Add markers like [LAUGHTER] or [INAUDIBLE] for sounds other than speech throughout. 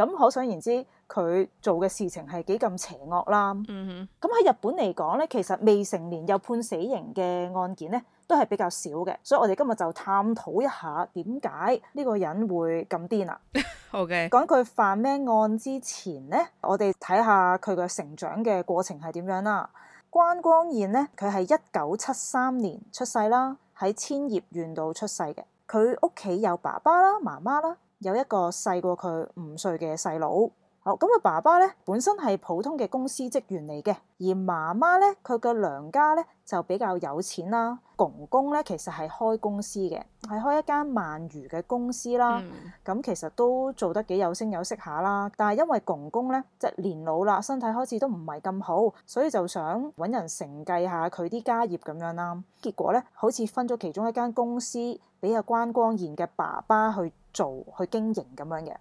咁可想而知，佢做嘅事情係幾咁邪惡啦。咁喺、嗯、哼日本嚟講咧，其實未成年又判死刑嘅案件咧，都係比較少嘅。所以我哋今日就探討一下點解呢個人會咁癲啊。 [LAUGHS] OK，講佢犯咩案之前咧，我哋睇下佢嘅成長嘅過程係點樣啦。關光彥咧，佢係一九七三年出世啦，喺千葉縣度出世嘅。佢屋企有爸爸啦、媽媽啦。有一個細過佢五歲嘅細佬。好咁，佢爸爸咧，本身係普通嘅公司職員嚟嘅，而媽媽咧，佢嘅娘家咧就比較有錢啦。公公咧其實係開公司嘅，係開一間鰻魚嘅公司啦。咁、嗯、其實都做得幾有聲有色下啦。但係因為公公咧即係年老啦，身體開始都唔係咁好，所以就想揾人承繼下佢啲家業咁樣啦。結果咧，好似分咗其中一間公司俾阿關光彥嘅爸爸去做去經營咁樣嘅，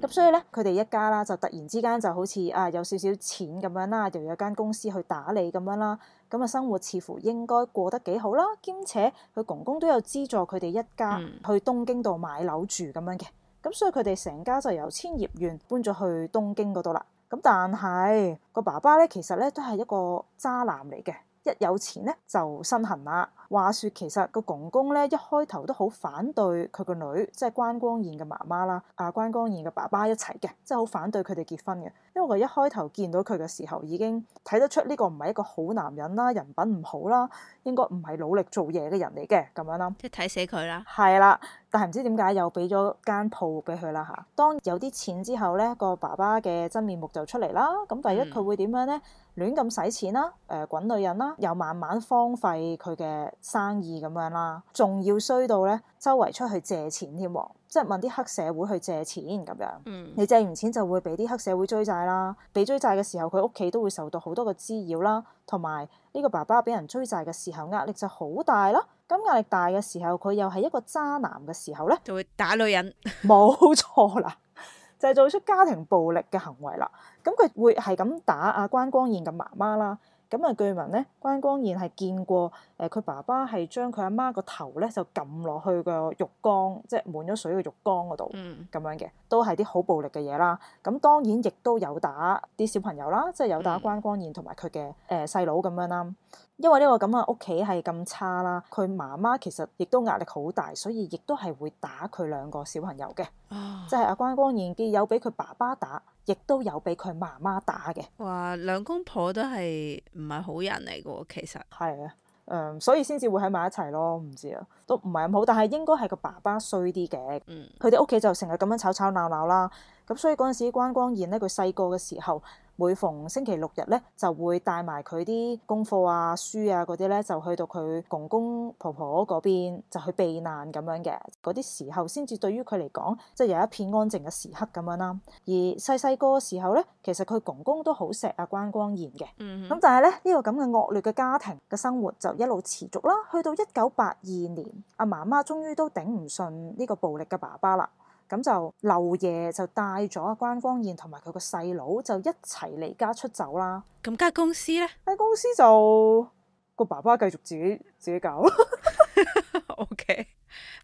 咁 [NOISE] 所以咧佢哋一家啦，就突然之間就好似啊有少少錢咁樣啦，又有間公司去打理咁樣啦，咁啊生活似乎應該過得幾好啦。兼且佢公公都有資助佢哋一家 [NOISE] 去東京度買樓住咁樣嘅，咁所以佢哋成家就由千葉縣搬咗去東京嗰度啦。咁但係個爸爸咧，其實咧都係一個渣男嚟嘅。一有錢咧就身痕啦。話說其實個公公咧一開頭都好反對佢個女，即係關光彥嘅媽媽啦，阿、啊、關光彥嘅爸爸一齊嘅，即係好反對佢哋結婚嘅。因為佢一開頭見到佢嘅時候，已經睇得出呢個唔係一個好男人啦，人品唔好啦，應該唔係努力做嘢嘅人嚟嘅咁樣啦。即係睇死佢啦。係啦。但係唔知點解又俾咗間鋪俾佢啦嚇。當有啲錢之後咧，個爸爸嘅真面目就出嚟啦。咁第一佢、嗯、會點樣咧？亂咁使錢啦，誒、呃、滾女人啦，又慢慢荒廢佢嘅生意咁樣啦，仲要衰到咧，周圍出去借錢添、啊、喎、啊，即係問啲黑社會去借錢咁樣。嗯。你借完錢就會俾啲黑社會追債啦。俾追債嘅時候，佢屋企都會受到好多個滋擾啦，同埋呢個爸爸俾人追債嘅時候，壓力就好大啦。咁壓力大嘅時候，佢又係一個渣男嘅時候咧，就會打女人，冇 [LAUGHS] 錯啦，就係、係、做出家庭暴力嘅行為啦。咁佢會係咁打阿關光彥嘅媽媽啦。咁啊，據聞咧，關光彥係見過誒，佢、呃、爸爸係將佢阿媽個頭咧就撳落去個浴缸，即係滿咗水嘅浴缸嗰度咁樣嘅，都係啲好暴力嘅嘢啦。咁當然亦都有打啲小朋友啦，即係有打關光彥同埋佢嘅誒細佬咁樣啦。因為呢個咁嘅屋企係咁差啦，佢媽媽其實亦都壓力好大，所以亦都係會打佢兩個小朋友嘅，即係阿關光彥既有俾佢爸爸打。亦都有俾佢媽媽打嘅。哇，兩公婆都係唔係好人嚟嘅喎，其實。係啊，誒、嗯，所以先至會喺埋一齊咯。唔知啊，都唔係咁好，但係應該係個爸爸衰啲嘅。嗯，佢哋屋企就成日咁樣吵吵鬧鬧啦。咁所以嗰陣時，關光彥咧，佢細個嘅時候，每逢星期六日咧，就會帶埋佢啲功課啊、書啊嗰啲咧，就去到佢公公婆婆嗰邊，就去避難咁樣嘅，嗰啲時候，先至對於佢嚟講，即係有一片安靜嘅時刻咁樣啦、啊。而細細個嘅時候咧，其實佢公公都好錫阿關光彥嘅，咁、嗯、哼就係咧呢、呢個咁嘅惡劣嘅家庭嘅生活就一路持續啦。去到一九八二年，阿媽媽終於都頂唔順呢個暴力嘅爸爸啦。咁就劉爺就帶咗阿關光彥同埋佢個細佬就一齊離家出走啦。咁間公司咧，間公司就個爸爸繼續自己自己搞。O K，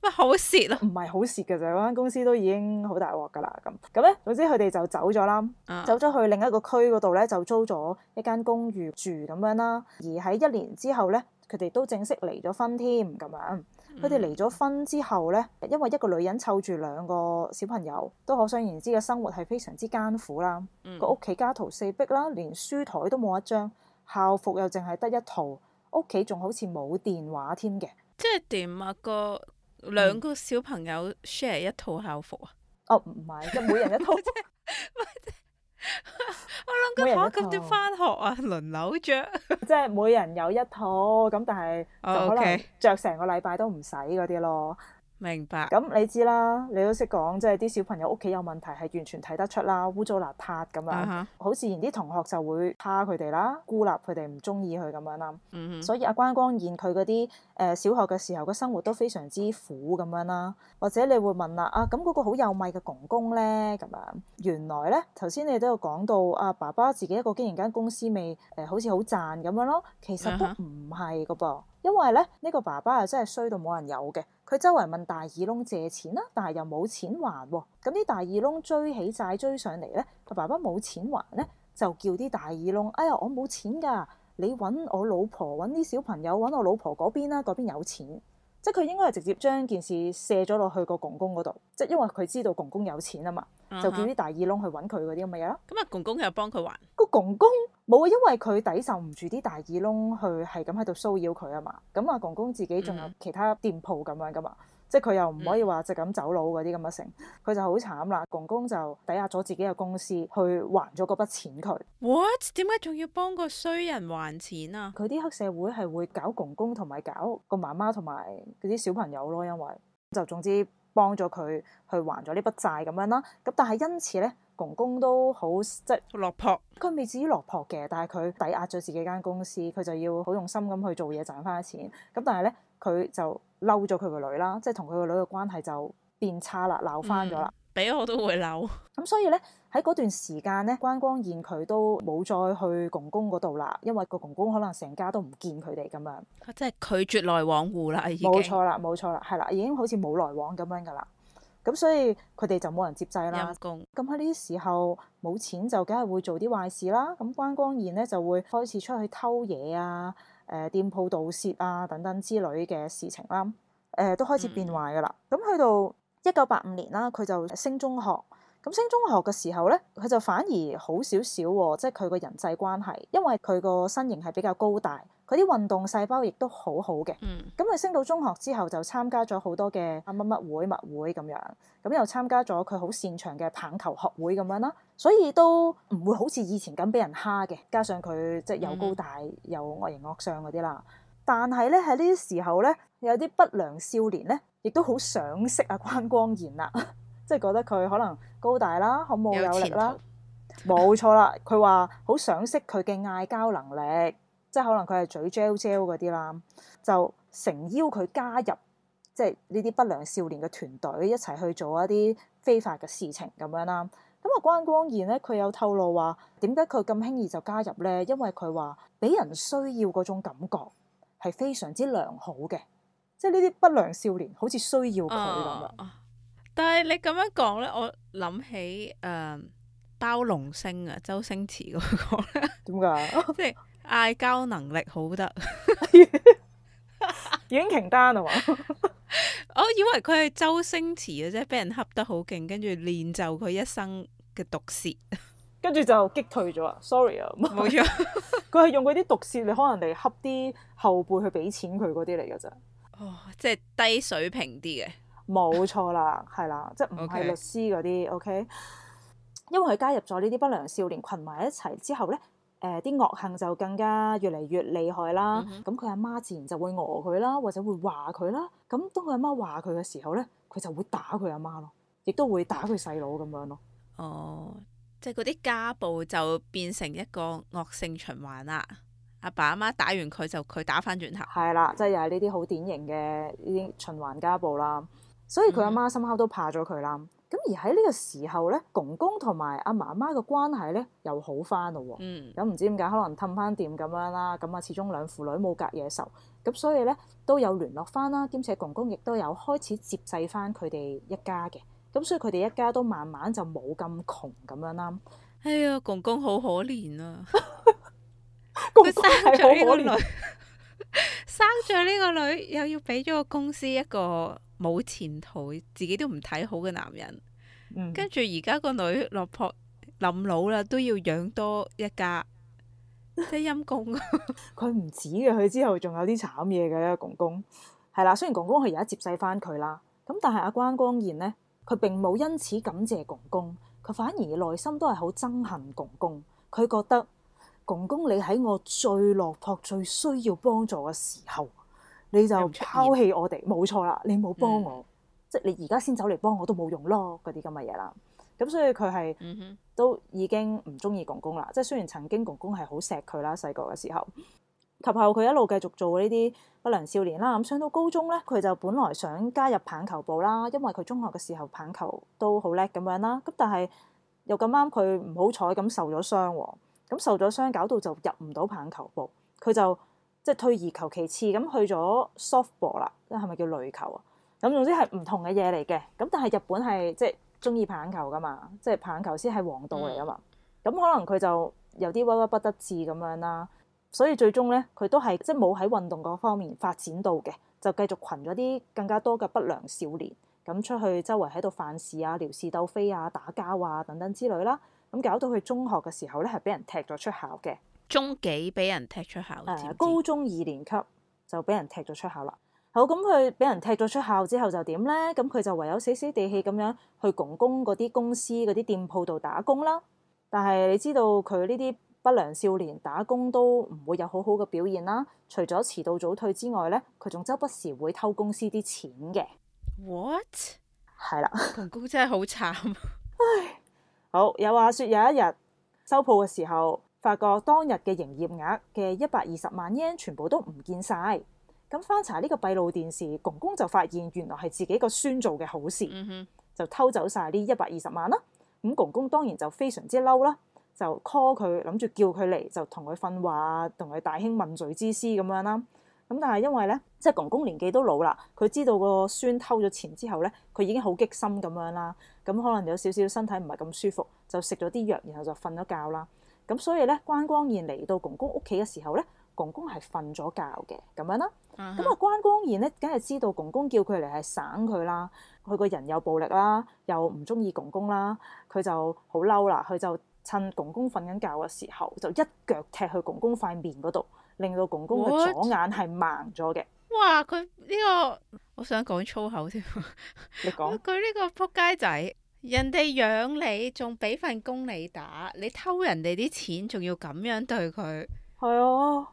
乜好蝕咯？唔係好蝕嘅啫，嗰間公司都已經好大鑊噶啦。咁咁咧，總之佢哋就走咗啦，uh. 走咗去另一個區嗰度咧，就租咗一間公寓住咁樣啦。而喺一年之後咧。佢哋都正式離咗婚添，咁樣。佢哋離咗婚之後呢，因為一個女人湊住兩個小朋友，都可想而知嘅生活係非常之艱苦啦。個屋企家徒四壁啦，連書枱都冇一張，校服又淨係得一套，屋企仲好似冇電話添嘅。即係點啊？個兩個小朋友 share 一套校服啊？ [LAUGHS] 哦，唔係，即每人一套啫。 [LAUGHS] [LAUGHS] [LAUGHS] 我諗緊下咁要翻學啊，輪流着， [LAUGHS] 即係每人有一套，咁但係就可能着成個禮拜都唔使嗰啲咯。明白，咁你知啦，你都識講，即係啲小朋友屋企有問題，係完全睇得出啦，污糟邋遢咁樣，uh huh. 好自然啲同學就會怕佢哋啦，孤立佢哋，唔中意佢咁樣啦。Huh. 所以阿關光彥佢嗰啲誒，小學嘅時候嘅生活都非常之苦咁樣啦。或者你會問啦，啊咁嗰、嗰個好有米嘅公公咧咁樣，原來咧頭先你都有講到，阿、啊、爸爸自己一個經營間公司未，未、呃、誒，好似好賺咁樣咯，其實都唔係噶噃，uh huh. 因為咧呢、呢個爸爸啊真係衰到冇人有嘅。佢周圍問大耳窿借錢啦，但係又冇錢還喎、哦。咁啲大耳窿追起債追上嚟咧，佢爸爸冇錢還咧，就叫啲大耳窿：哎呀，我冇錢㗎，你揾我老婆，揾啲小朋友，揾我老婆嗰邊啦，嗰邊有錢。即係佢應該係直接將件事卸咗落去個公公嗰度，即係因為佢知道公公有錢啊嘛，uh huh. 就叫啲大耳窿去揾佢嗰啲咁嘅嘢咯。咁啊、嗯，公公又幫佢還？個公公冇，因為佢抵受唔住啲大耳窿去係咁喺度騷擾佢啊嘛。咁啊，公公自己仲有其他店鋪咁樣噶嘛。嗯即係佢又唔可以話就咁走佬嗰啲咁嘅成，佢就好慘啦。公公就抵押咗自己嘅公司去還咗嗰筆錢佢。What 點解仲要幫個衰人還錢啊？佢啲黑社會係會搞公公同埋搞個媽媽同埋嗰啲小朋友咯，因為就總之幫咗佢去還咗呢筆債咁樣啦。咁但係因此咧，公公都好即係落魄婆。佢未至於落魄嘅，但係佢抵押咗自己間公司，佢就要好用心咁去做嘢賺返錢。咁但係咧，佢就。嬲咗佢個女啦，即係同佢個女嘅關係就變差啦，鬧翻咗啦。俾、嗯、我都會嬲。咁所以咧，喺嗰段時間咧，關光彥佢都冇再去公公嗰度啦，因為個公公可能成家都唔見佢哋咁樣，即係拒絕來往戶啦。已經冇錯啦，冇錯啦，係啦，已經好似冇來往咁樣噶啦。咁所以佢哋就冇人接濟啦。陰公。咁喺呢啲時候冇錢就梗係會做啲壞事啦。咁關光彥咧就會開始出去偷嘢啊。誒、呃、店鋪盜竊啊等等之類嘅事情啦，誒、呃、都開始變壞㗎啦。咁、嗯、去到一九八五年啦，佢就升中學。咁升中學嘅時候咧，佢就反而好少少喎，即係佢個人際關係，因為佢個身形係比較高大，佢啲運動細胞亦都好好嘅。咁佢、嗯、升到中學之後，就參加咗好多嘅乜乜會密會咁樣，咁又參加咗佢好擅長嘅棒球學會咁樣啦。所以都唔會好似以前咁俾人蝦嘅。加上佢即係又高大又惡形惡相嗰啲啦。但係咧，喺呢啲時候咧，有啲不良少年咧，亦都好賞識阿、啊、關光彥啦、啊， [LAUGHS] 即係覺得佢可能高大啦，好冇有力啦，冇錯啦。佢話好賞識佢嘅嗌交能力，即係可能佢係嘴 gel gel 嗰啲啦，就誠邀佢加入即係呢啲不良少年嘅團隊，一齊去做一啲非法嘅事情咁樣啦。咁啊關光彥咧，佢有透露話，點解佢咁輕易就加入咧？因為佢話俾人需要嗰種感覺係非常之良好嘅，即係呢啲不良少年好似需要佢咁樣啊！但係你咁樣講咧，我諗起誒包龍星啊，周星馳嗰、嗰個點解 [LAUGHS] [LAUGHS] 即係嗌交能力好得？軟拳丹啊！ [LAUGHS] 我以為佢係周星馳嘅啫，俾人恰得好勁，跟住練就佢一生。嘅毒舌，跟住就擊退咗。啊。Sorry 啊，冇錯，佢係用嗰啲毒舌嚟，可能嚟恰啲後輩去俾錢佢嗰啲嚟㗎咋。哦，即係低水平啲嘅，冇錯啦，係啦，即係唔係律師嗰啲。OK，因為佢加入咗呢啲不良少年群埋一齊之後咧，誒啲惡行就更加越嚟越厲害啦。咁佢阿媽自然就會餓佢啦，或者會話佢啦。咁當佢阿媽話佢嘅時候咧，佢就會打佢阿媽咯，亦都會打佢細佬咁樣咯。哦，即係嗰啲家暴就變成一個惡性循環啦。阿爸阿媽打完佢就佢打翻轉頭，係啦，即係又係呢啲好典型嘅呢啲循環家暴啦。所以佢阿媽心口都怕咗佢啦。咁，嗯，而喺呢個時候咧，公公同埋阿媽媽嘅關係咧又好翻咯。嗯，咁唔知點解可能氹翻掂咁樣啦。咁啊，始終兩父女冇隔夜仇，咁所以咧都有聯絡翻啦。兼且公公亦都有開始接濟翻佢哋一家嘅。咁、嗯、所以佢哋一家都慢慢就冇咁窮咁樣啦。哎呀，公公好可憐啊！佢 [LAUGHS] 生咗呢個女， [LAUGHS] 生咗呢個女又要俾咗個公司一個冇前途、自己都唔睇好嘅男人。嗯、跟住而家個女落魄臨老啦，都要養多一家， [LAUGHS] 真陰公、啊。佢唔 [LAUGHS] 止嘅，佢之後仲有啲慘嘢嘅公公。係啦，雖然公公係而家接細翻佢啦，咁但係阿關光彥咧，佢並冇因此感謝公公，佢反而內心都係好憎恨公公。佢覺得公公你喺我最落魄、最需要幫助嘅時候，你就拋棄我哋，冇、嗯、錯啦，你冇幫我，嗯、即係你而家先走嚟幫我都冇用咯，嗰啲咁嘅嘢啦。咁所以佢係都已經唔中意公公啦。即係雖然曾經公公係好錫佢啦，細個嘅時候。及後佢一路繼續做呢啲不良少年啦，咁上到高中咧，佢就本來想加入棒球部啦，因為佢中學嘅時候棒球都好叻咁樣啦，咁但係又咁啱佢唔好彩咁受咗傷，咁受咗傷搞到就入唔到棒球部，佢就即係、就是、退而求其次咁去咗 softball 啦，即係咪叫壘球啊？咁總之係唔同嘅嘢嚟嘅，咁但係日本係即係中意棒球㗎嘛，即、就、係、是、棒球先係王道嚟啊嘛，咁、嗯、可能佢就有啲屈屈不得志咁樣啦。所以最終咧，佢都係即係冇喺運動嗰方面發展到嘅，就繼續群咗啲更加多嘅不良少年咁出去周圍喺度犯事啊、撩事鬥非啊、打交啊等等之類啦。咁搞到佢中學嘅時候咧，係俾人踢咗出校嘅。中幾俾人踢出校？知唔知？高中二年級就俾人踢咗出校啦。好咁，佢俾人踢咗出校之後就點咧？咁佢就唯有死死地氣咁樣去公公嗰啲公司嗰啲店鋪度打工啦。但係你知道佢呢啲？不良少年打工都唔會有好好嘅表現啦，除咗遲到早退之外咧，佢仲周不時會偷公司啲錢嘅。What？係啦了，公公真係好慘。唉，好，又話説，有一日收鋪嘅時候，發覺當日嘅營業額嘅一百二十萬 yen 全部都唔見晒。咁翻查呢個閉路電視，公公就發現原來係自己個孫做嘅好事，mm hmm. 就偷走晒呢一百二十萬啦。咁公公當然就非常之嬲啦。就 call 佢，諗住叫佢嚟就同佢訓話，同佢大興問罪之師咁樣啦。咁但係因為咧，即係公公年紀都老啦，佢知道個孫偷咗錢之後咧，佢已經好激心咁樣啦。咁可能有少少身體唔係咁舒服，就食咗啲藥，然後就瞓咗覺啦。咁所以咧，關光彥嚟到公公屋企嘅時候咧，公公係瞓咗覺嘅咁樣啦。咁啊、嗯哼，關光彥咧，梗係知道公公叫佢嚟係省佢啦。佢個人有暴力啦，又唔中意公公啦，佢就好嬲啦，佢就。趁公公瞓緊覺嘅時候，就一腳踢去公公塊面嗰度，令到公公嘅左眼係盲咗嘅。哇！佢呢個我想講粗口添，你講佢呢個撲街仔，人哋養你，仲俾份工你打，你偷人哋啲錢，仲要咁樣對佢，係啊！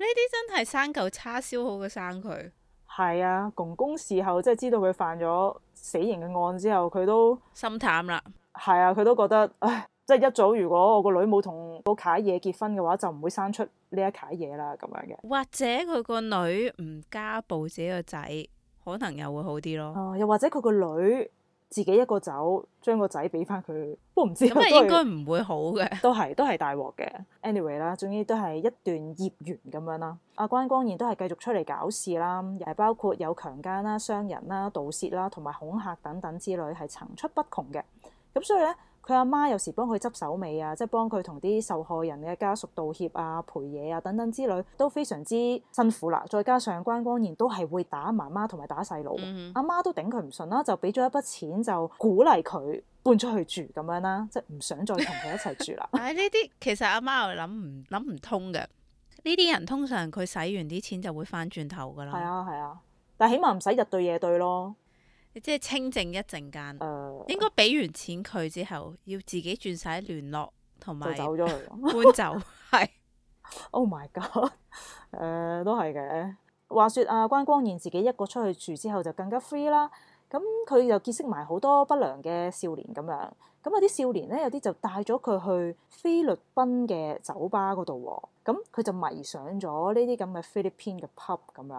呢啲真係生嚿叉燒好過生佢。係啊，公公事後即係知道佢犯咗死刑嘅案之後，佢都心淡啦。係啊，佢都覺得。唉即係一早，如果我個女冇同嗰卡嘢結婚嘅話，就唔會生出呢一卡嘢啦。咁樣嘅，或者佢個女唔家暴，自己個仔可能又會好啲咯。哦、啊，又或者佢個女自己一個走，將個仔俾翻佢，都唔知。咁啊，應該唔是會好嘅，都係都係大鑊嘅。anyway 啦，總之都係一段孽緣咁樣啦。阿關光彥都係繼續出嚟搞事啦，又係包括有強奸啦、傷人啦、盜竊啦、同埋恐嚇等等之類，係層出不窮嘅。咁所以咧。佢阿媽，媽有時幫佢執手尾啊，即係幫佢同啲受害人嘅家屬道歉啊、賠嘢啊等等之類，都非常之辛苦啦。再加上關光彥都係會打媽媽同埋打細佬，阿、嗯、哼媽，媽都頂佢唔順啦，就俾咗一筆錢就鼓勵佢搬出去住咁樣啦，即係唔想再同佢一齊住啦。誒呢啲其實阿媽又諗唔諗唔通嘅，呢啲人通常佢使完啲錢就會翻轉頭噶啦。係啊係啊，但係起碼唔使日對夜對咯。即係清靜一陣間，uh, 應該俾完錢佢之後，要自己轉晒聯絡同埋走咗 [LAUGHS] 搬走，係 [LAUGHS] 是 Oh my god！誒、呃，都係嘅。話說啊，關光彥自己一個出去住之後，就更加 free 啦。咁佢又結識埋好多不良嘅少年咁樣，咁有啲少年咧，有啲就帶咗佢去菲律賓嘅酒吧嗰度喎，咁佢就迷上咗呢啲咁嘅菲律賓嘅 pub 咁樣。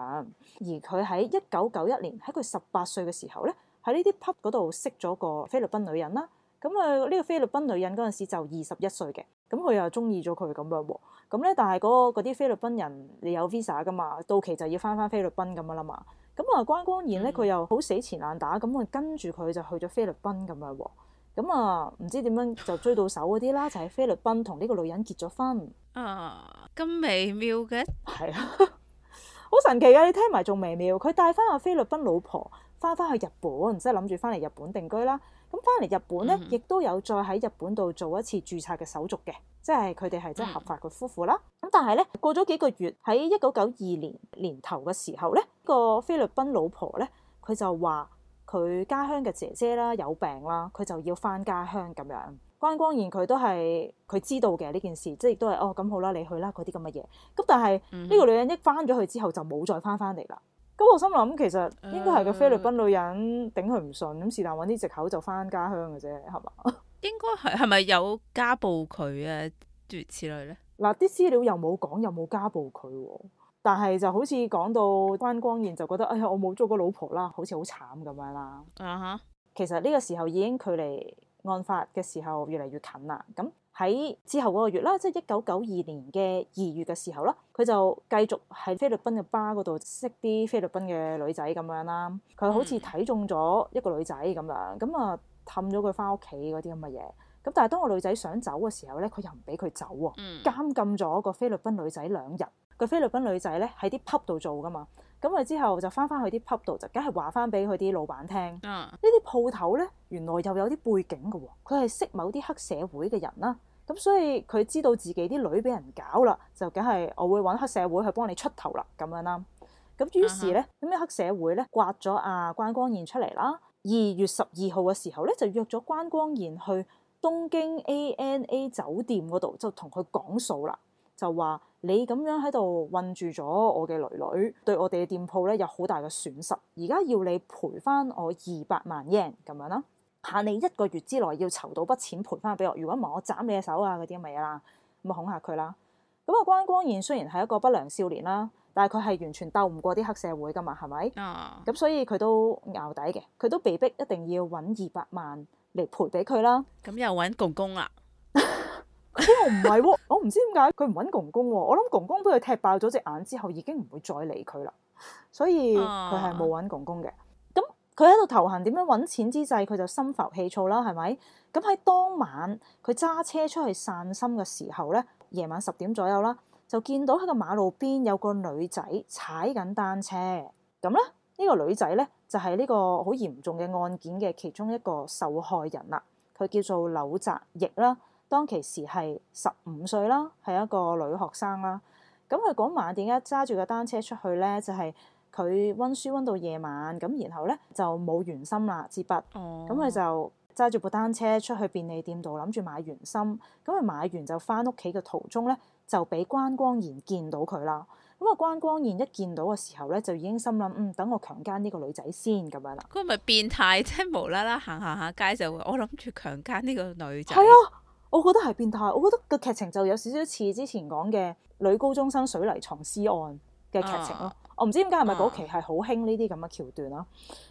而佢喺一九九一年喺佢十八歲嘅時候咧，喺呢啲 pub 嗰度識咗個菲律賓女人啦。咁啊呢個菲律賓女人嗰陣時就二十一歲嘅，咁佢又中意咗佢咁樣。咁咧、嗰個，但係嗰啲菲律賓人你有 visa 噶嘛？到期就要翻翻菲律賓咁樣啦嘛。咁啊，關光彥咧，佢又好死纏爛打，咁我跟住佢就去咗菲律賓咁樣，咁啊唔知點樣就追到手嗰啲啦，就喺、是、菲律賓同呢個女人結咗婚，啊咁微妙嘅，係啊，好神奇啊！你聽埋仲微妙，佢帶翻個菲律賓老婆翻翻去日本，即係諗住翻嚟日本定居啦。咁翻嚟日本咧，亦都有再喺日本度做一次註冊嘅手續嘅，即係佢哋係即係合法嘅夫婦啦。咁、嗯、但係咧，過咗幾個月，喺一九九二年年頭嘅時候咧，這個菲律賓老婆咧，佢就話佢家鄉嘅姐姐啦有病啦，佢就要翻家鄉咁樣。關光彥佢都係佢知道嘅呢件事，即係亦都係哦咁好啦，你去啦嗰啲咁嘅嘢。咁但係呢、嗯、個女人一翻咗去之後就冇再翻翻嚟啦。不過我心諗，其實應該係個菲律賓女人頂佢唔順，咁是但搵啲藉口，就翻家鄉嘅啫，係嘛？應該係係咪有家暴佢啊？諸如此類呢？嗱、啊，啲資料又冇講，又冇家暴佢，啊，但係就好似講到關光彥就覺得，哎呀，我冇做過老婆啦，好似好慘咁樣啦。啊哈、uh！Huh. 其實呢個時候已經距離案發嘅時候越嚟越近啦。咁、嗯喺之後嗰個月啦，即係一九九二年嘅二月嘅時候啦，佢就繼續喺菲律賓嘅 PUB 嗰度識啲菲律賓嘅女仔咁樣啦。佢好似睇中咗一個女仔咁樣，咁啊氹咗佢翻屋企嗰啲咁嘅嘢。咁但係當個女仔想走嘅時候咧，佢又唔俾佢走喎，監禁咗個菲律賓女仔兩日。個菲律賓女仔咧，喺啲 PUB 度做㗎嘛，咁啊之後就翻翻去啲 PUB 度，就梗係話翻俾佢啲老闆聽。呢啲鋪頭咧，原來又有啲背景㗎喎，佢係識某啲黑社會嘅人啦。咁、嗯、所以佢知道自己啲女俾人搞啦，就梗係我會揾黑社會去幫你出頭啦，咁樣啦。咁於是呢，咁啲黑社會呢，刮咗阿、啊、關光彥出嚟啦。二月十二號嘅時候呢，就約咗關光彥去東京 ANA 酒店嗰度，就同佢講數啦，就話你咁樣喺度困住咗我嘅女女，對我哋嘅店鋪呢，有好大嘅損失，而家要你賠翻我二百萬 yen 咁樣啦。限你一個月之內要籌到筆錢賠翻俾我，如果唔係我斬你嘅手啊，嗰啲咁嘅嘢啦，咁啊恐嚇佢啦。咁啊關光彥雖然係一個不良少年啦，但係佢係完全鬥唔過啲黑社會噶嘛，係咪？咁、啊、所以佢都拗底嘅，佢都被逼一定要揾二百萬嚟賠俾佢啦。咁又揾公公啦，我唔係，我唔知點解佢唔揾公公。我諗公公俾佢踢爆咗隻眼之後，已經唔會再理佢啦，所以佢係冇揾公公嘅。啊啊佢喺度頭痕點樣揾錢之際，佢就心浮氣躁啦，係咪？咁喺當晚佢揸車出去散心嘅時候咧，夜晚十點左右啦，就見到喺個馬路邊有個女仔踩緊單車。咁咧，呢、這個女仔咧就係、是、呢個好嚴重嘅案件嘅其中一個受害人啦。佢叫做柳澤翼啦，當其時係十五歲啦，係一個女學生啦。咁佢嗰晚點解揸住個單車出去咧？就係、是。佢温書温到夜晚，咁然後咧就冇鉛心啦，支筆。咁佢、嗯、就揸住部單車出去便利店度，諗住買鉛心。咁佢買完就翻屋企嘅途中咧，就俾關光彥見到佢啦。咁啊，關光彥一見到嘅時候咧，就已經心諗：嗯，等我強姦呢個女仔先咁樣啦。佢個咪變態啫，無啦啦行行下街就會我諗住強姦呢個女仔。係啊，我覺得係變態。我覺得個劇情就有少少似之前講嘅女高中生水泥藏屍案。嘅劇情咯，uh huh. 我唔知點解係咪嗰期係好興呢啲咁嘅橋段咯。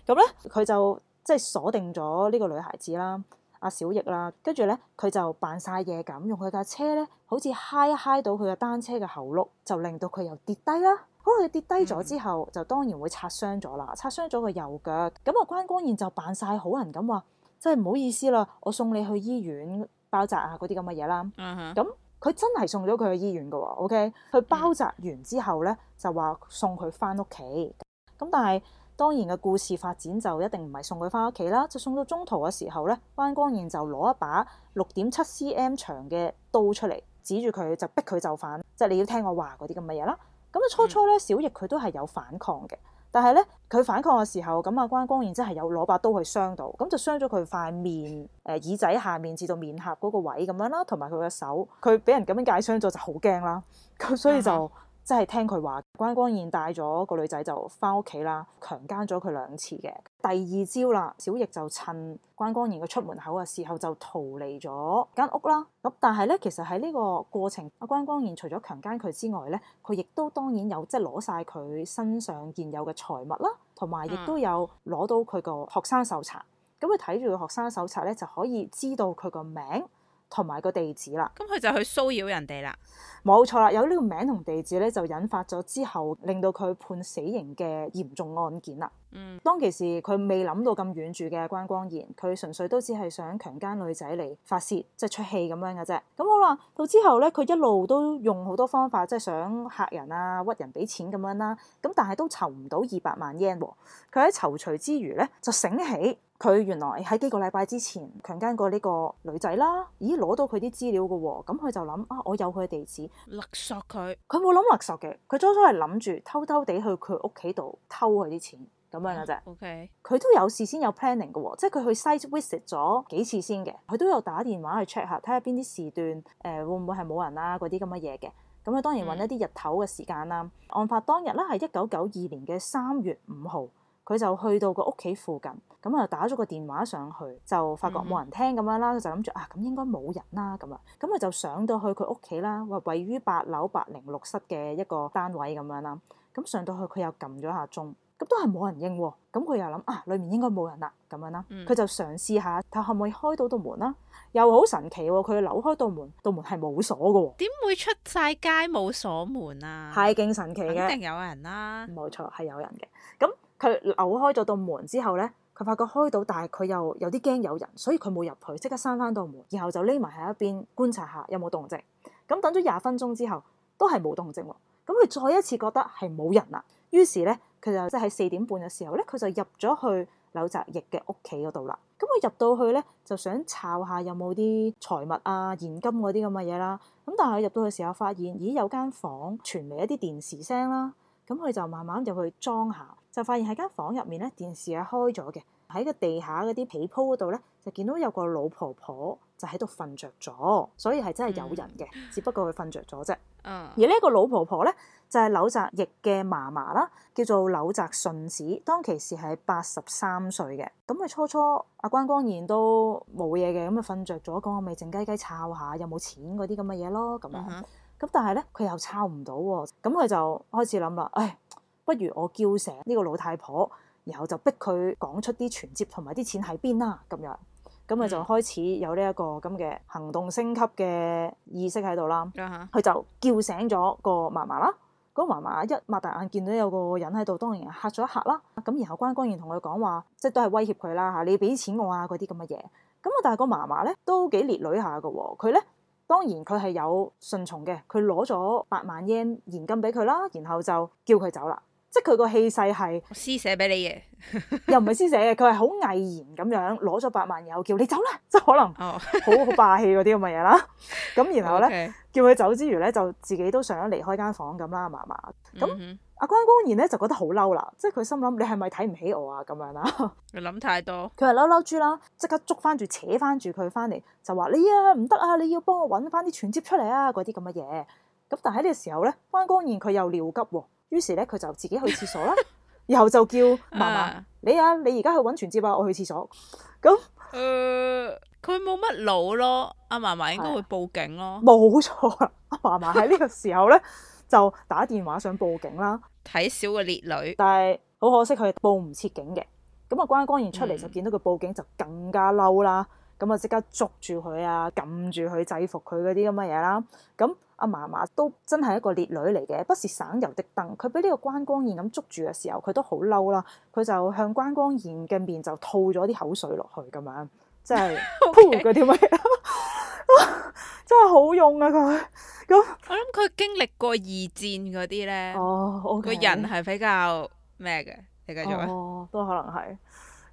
咁咧佢就即係鎖定咗呢個女孩子啦，阿、啊、小易啦，跟住咧佢就扮晒嘢咁，用佢架車咧好似嗨一揩到佢嘅單車嘅喉碌，就令到佢又跌低啦。好，佢跌低咗之後，mm hmm. 就當然會擦傷咗啦，擦傷咗個右腳。咁啊關光彥就扮晒好人咁話，真係唔好意思啦，我送你去醫院包紮啊嗰啲咁嘅嘢啦。嗯咁。Uh huh. 佢真係送咗佢去醫院嘅喎、哦、OK？佢包紮完之後咧，就話送佢翻屋企。咁但係當然嘅故事發展就一定唔係送佢翻屋企啦，就送到中途嘅時候咧，關光彥就攞一把六點七 cm 長嘅刀出嚟指住佢，就逼佢就範，即、就、係、是、你要聽我話嗰啲咁嘅嘢啦。咁、嗯、初初咧，小易佢都係有反抗嘅。但係咧，佢反抗嘅時候，咁啊關光彥之係有攞把刀去傷到，咁就傷咗佢塊面，誒、呃、耳仔下面至到面頰嗰個位咁樣啦，同埋佢嘅手，佢俾人咁樣解傷咗就好驚啦，咁所以就。 [LAUGHS] 即係聽佢話，關光彥帶咗個女仔就翻屋企啦，強姦咗佢兩次嘅。第二朝啦，小易就趁關光彥佢出門口嘅時候就逃離咗間屋啦。咁但係咧，其實喺呢個過程，阿關光彥除咗強姦佢之外咧，佢亦都當然有即係攞晒佢身上現有嘅財物啦，同埋亦都有攞到佢個學生手冊。咁佢睇住個學生手冊咧，就可以知道佢個名。同埋個地址啦，咁佢就去騷擾人哋啦，冇錯啦，有呢個名同地址咧，就引發咗之後令到佢判死刑嘅嚴重案件啦。嗯，當其時佢未諗到咁遠住嘅關光彥，佢純粹都只係想強姦女仔嚟發泄，即係出氣咁樣嘅啫。咁好啦，到之後咧，佢一路都用好多方法，即係想嚇人啊，屈人俾錢咁樣啦。咁但係都籌唔到二百萬 yen 喎。佢喺躊躇之餘咧，就醒起。佢原來喺幾個禮拜之前強姦過呢個女仔啦，咦，攞到佢啲資料嘅喎、哦，咁佢就諗啊，我有佢地址，勒索佢。佢冇諗勒索嘅，佢初初係諗住偷偷地去佢屋企度偷佢啲錢咁樣嘅啫、嗯。OK，佢都有事先有 planning 嘅喎、哦，即係佢去 site visit 咗幾次先嘅，佢都有打電話去 check 下，睇下邊啲時段誒、呃、會唔會係冇人啦嗰啲咁嘅嘢嘅。咁佢當然揾一啲日頭嘅時間啦。嗯、案發當日咧係一九九二年嘅三月五號。佢就去到個屋企附近，咁啊打咗個電話上去，就發覺冇人聽咁樣啦，嗯、就諗住啊，咁應該冇人啦咁啊，咁佢就上到去佢屋企啦，話位於八樓八零六室嘅一個單位咁樣啦，咁上到去佢又撳咗下鐘，咁都係冇人應喎，咁佢又諗啊，裏、啊、面應該冇人啦、啊，咁樣啦，佢、嗯、就嘗試下睇可唔可以開到道門啦，又好神奇喎，佢扭開道門，道門係冇鎖嘅，點會出晒街冇鎖門啊？係勁神奇嘅、啊，啊啊、奇肯定有人啦、啊，冇錯係有人嘅，咁。佢扭開咗道門之後咧，佢發覺開到，但係佢又有啲驚有人，所以佢冇入去，即刻閂翻道門，然後就匿埋喺一邊觀察下有冇動靜。咁等咗廿分鐘之後，都係冇動靜喎。咁佢再一次覺得係冇人啦，於是咧，佢就即係四點半嘅時候咧，佢就入咗去柳澤逸嘅屋企嗰度啦。咁佢入到去咧，就想抄下有冇啲財物啊、現金嗰啲咁嘅嘢啦。咁但係入到去嘅時候，發現咦，有間房傳嚟一啲電視聲啦。咁佢就慢慢入去裝下，就發現喺間房入面咧，電視係開咗嘅，喺個地下嗰啲被鋪嗰度咧，就見到有個老婆婆就喺度瞓着咗，所以係真係有人嘅，只不過佢瞓着咗啫。嗯、而呢個老婆婆咧，就係、是、柳澤逸嘅嫲嫲啦，叫做柳澤順子，當其時係八十三歲嘅。咁佢初初阿關光彥都冇嘢嘅，咁啊瞓着咗，講我咪靜雞雞抄下，有冇錢嗰啲咁嘅嘢咯，咁樣。嗯。咁但係咧，佢又抄唔到，咁佢就開始諗啦，唉，不如我叫醒呢個老太婆，然後就逼佢講出啲存摺同埋啲錢喺邊啦，咁樣，咁佢就開始有呢、這、一個咁嘅行動升級嘅意識喺度啦。佢、嗯、哼就叫醒咗個嫲嫲啦，個嫲嫲一擘大眼見到有個人喺度，當然吓咗一吓啦。咁然後關光彥同佢講話，即係都係威脅佢啦吓，你要俾錢我啊，嗰啲咁嘅嘢。咁但係個嫲嫲咧都幾烈女下噶，佢咧。當然佢係有順從嘅，佢攞咗八萬 yen 現金俾佢啦，然後就叫佢走啦。即係佢個氣勢係，施捨俾你嘢， [LAUGHS] 又唔係施捨嘅，佢係好毅然咁樣攞咗八萬，又叫你走啦。即係可能好好霸氣嗰啲咁嘅嘢啦。咁 [LAUGHS] 然後咧 Okay. 叫佢走之餘咧，就自己都想離開間房咁啦，麻麻咁。嗯阿關光彥咧就覺得好嬲啦，即係佢心諗你係咪睇唔起我啊咁樣啦？你 [LAUGHS] 諗太多，佢話嬲嬲豬啦，即刻捉翻住扯翻住佢翻嚟，就話你啊唔得啊，你要幫我搵翻啲存折出嚟啊，嗰啲咁嘅嘢。咁但係呢個時候咧，關光彥佢又尿急，於是咧佢就自己去廁所啦，然 [LAUGHS] 後就叫嫲嫲， [LAUGHS] 你啊你而家去搵存折啊，我去廁所。咁，誒佢冇乜腦咯，阿嫲嫲應該會報警咯。冇錯 [LAUGHS] [LAUGHS] 啊，阿嫲嫲喺呢個時候咧。 [LAUGHS] [LAUGHS] 就打電話想報警啦，睇小個烈女，但係好可惜佢報唔切警嘅。咁啊，關光彥出嚟就見到佢報警就更加嬲啦。咁啊、嗯，即刻捉住佢啊，撳住佢，制服佢嗰啲咁嘅嘢啦。咁阿嫲嫲都真係一個烈女嚟嘅，不是省油的燈。佢俾呢個關光彥咁捉住嘅時候，佢都好嬲啦。佢就向關光彥嘅面就吐咗啲口水落去咁樣。即 Okay. 噗真係，鋪嗰啲乜真係好用啊！佢咁，我諗佢經歷過二戰嗰啲咧，哦，個人係比較咩嘅？你繼續哦，都、oh, 可能係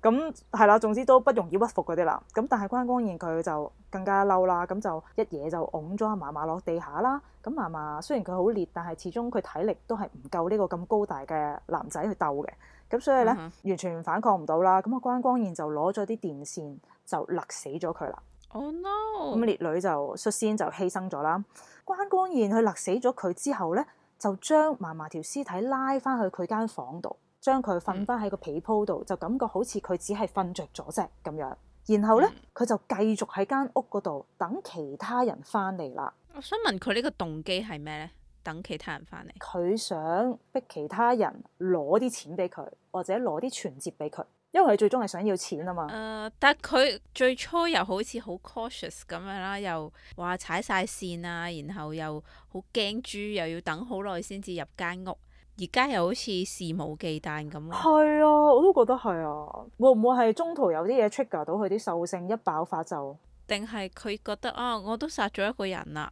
咁係啦。總之都不容易屈服嗰啲啦。咁但係關光彥，佢就更加嬲啦。咁就一嘢就拱咗阿嫲嫲落地下啦。咁嫲嫲雖然佢好烈，但係始終佢體力都係唔夠呢個咁高大嘅男仔去鬥嘅。咁所以咧，uh huh. 完全反抗唔到啦。咁啊，關光彥就攞咗啲電線。就勒死咗佢啦！哦、oh、no！咁列女就率先就犧牲咗啦。關光彥佢勒死咗佢之後咧，就將嫲嫲條屍體拉翻去佢間房度，將佢瞓翻喺個被鋪度，嗯、就感覺好似佢只係瞓着咗啫咁樣。然後咧，佢、嗯、就繼續喺間屋嗰度等其他人翻嚟啦。我想問佢呢個動機係咩咧？等其他人翻嚟，佢想逼其他人攞啲錢俾佢，或者攞啲存摺俾佢。因為佢最終係想要錢啊嘛。誒、呃，但佢最初又好似好 cautious 咁樣啦，又話踩晒線啊，然後又好驚豬，又要等好耐先至入間屋。而家又好似肆無忌憚咁咯。係啊，我都覺得係啊。會唔會係中途有啲嘢 trigger 到佢啲獸性一爆發就？定係佢覺得啊、哦，我都殺咗一個人啦。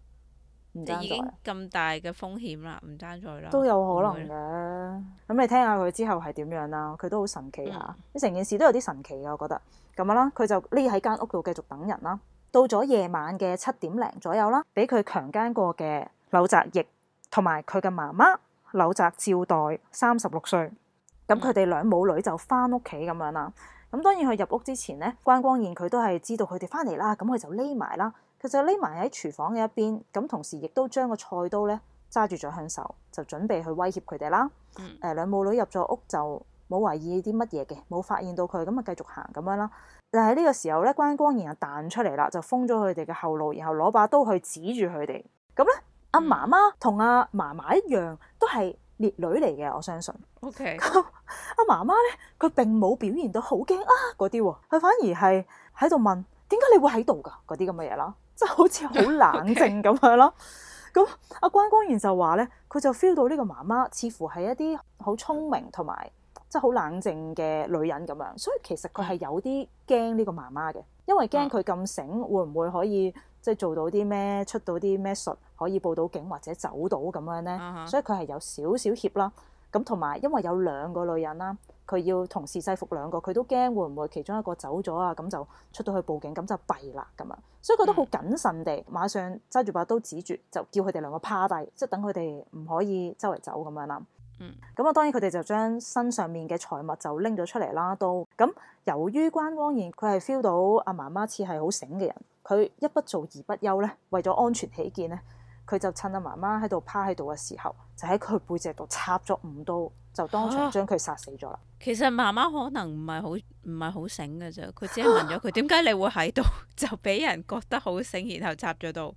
唔爭咁大嘅風險啦，唔爭再啦。都有可能嘅，咁你聽下佢之後係點樣啦？佢都好神奇嚇，成、嗯、件事都有啲神奇嘅，我覺得。咁樣啦，佢就匿喺間屋度繼續等人啦。到咗夜晚嘅七點零左右啦，俾佢強姦過嘅柳澤翼同埋佢嘅媽媽柳澤照代，三十六歲。咁佢哋兩母女就翻屋企咁樣啦。咁當然佢入屋之前咧，關光彥佢都係知道佢哋翻嚟啦，咁佢就匿埋啦。佢就匿埋喺廚房嘅一邊，咁同時亦都將個菜刀咧揸住咗向手，就準備去威脅佢哋啦。誒、嗯、兩母女入咗屋就冇懷疑啲乜嘢嘅，冇發現到佢，咁啊繼續行咁樣啦。但係呢個時候咧，關光彥又彈出嚟啦，就封咗佢哋嘅後路，然後攞把刀去指住佢哋。咁咧，阿、嗯啊、媽媽同阿嫲嫲一樣，都係烈女嚟嘅，我相信。O K。咁阿媽媽咧，佢並冇表現到好驚啊嗰啲喎，佢反而係喺度問點解你會喺度㗎嗰啲咁嘅嘢啦。即係好似好冷靜咁樣咯，咁阿 Okay. 關光彥就話咧，佢就 feel 到呢個媽媽似乎係一啲好聰明同埋即係好冷靜嘅女人咁樣，所以其實佢係有啲驚呢個媽媽嘅，因為驚佢咁醒會唔會可以即係做到啲咩、出到啲咩術，可以報到警或者走到咁樣咧，uh huh. 所以佢係有少少怯啦。咁同埋因為有兩個女人啦。佢要同時制服兩個，佢都驚會唔會其中一個走咗啊？咁就出到去報警，咁就弊啦咁啊，所以佢都好謹慎地，馬上揸住把刀指住，就叫佢哋兩個趴低，即係等佢哋唔可以周圍走咁樣啦。咁啊、嗯，當然佢哋就將身上面嘅財物就拎咗出嚟啦，都咁由於關光彥佢係 feel 到阿媽媽似係好醒嘅人，佢一不做二不休咧，為咗安全起見咧，佢就趁阿媽媽喺度趴喺度嘅時候，就喺佢背脊度插咗五刀，就當場將佢殺死咗啦。啊。其實媽媽可能唔係好唔係好醒嘅啫，佢只係問咗佢點解你會喺度，就俾人覺得好醒，然後插咗到。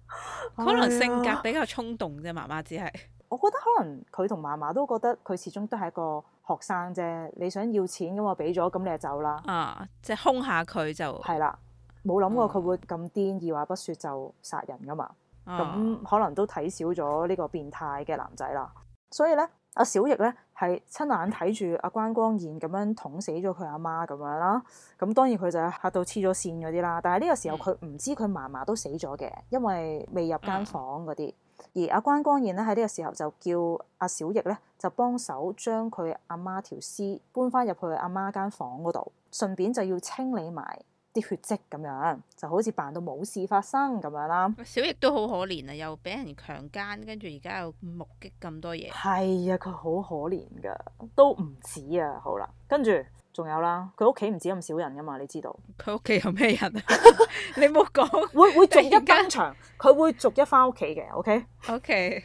可能性格比較衝動啫，媽媽只係。我覺得可能佢同媽媽都覺得佢始終都係一個學生啫，你想要錢咁我，俾咗咁你就走啦。啊！即係哄下佢就係啦，冇諗過佢會咁癲，二、嗯、話不說就殺人噶嘛。咁、啊、可能都睇少咗呢個變態嘅男仔啦。所以咧。阿小翼咧係親眼睇住阿關光彥咁樣捅死咗佢阿媽咁樣啦，咁當然佢就嚇到黐咗線嗰啲啦。但係呢個時候佢唔知佢嫲嫲都死咗嘅，因為未入間房嗰啲。而阿關光彥咧，喺呢個時候就叫阿小翼咧就幫手將佢阿媽條屍搬翻入去阿媽間房嗰度，順便就要清理埋。啲血跡咁樣，就好似扮到冇事發生咁樣啦。小易都好可憐啊，又俾人強姦，跟住而家又目擊咁多嘢。係啊，佢好可憐噶，都唔止啊。好啦，跟住仲有啦，佢屋企唔止咁少人噶嘛，你知道？佢屋企有咩人啊？ [LAUGHS] [LAUGHS] 你冇講，會會逐一登場，佢 [LAUGHS] 會逐一翻屋企嘅。OK，OK，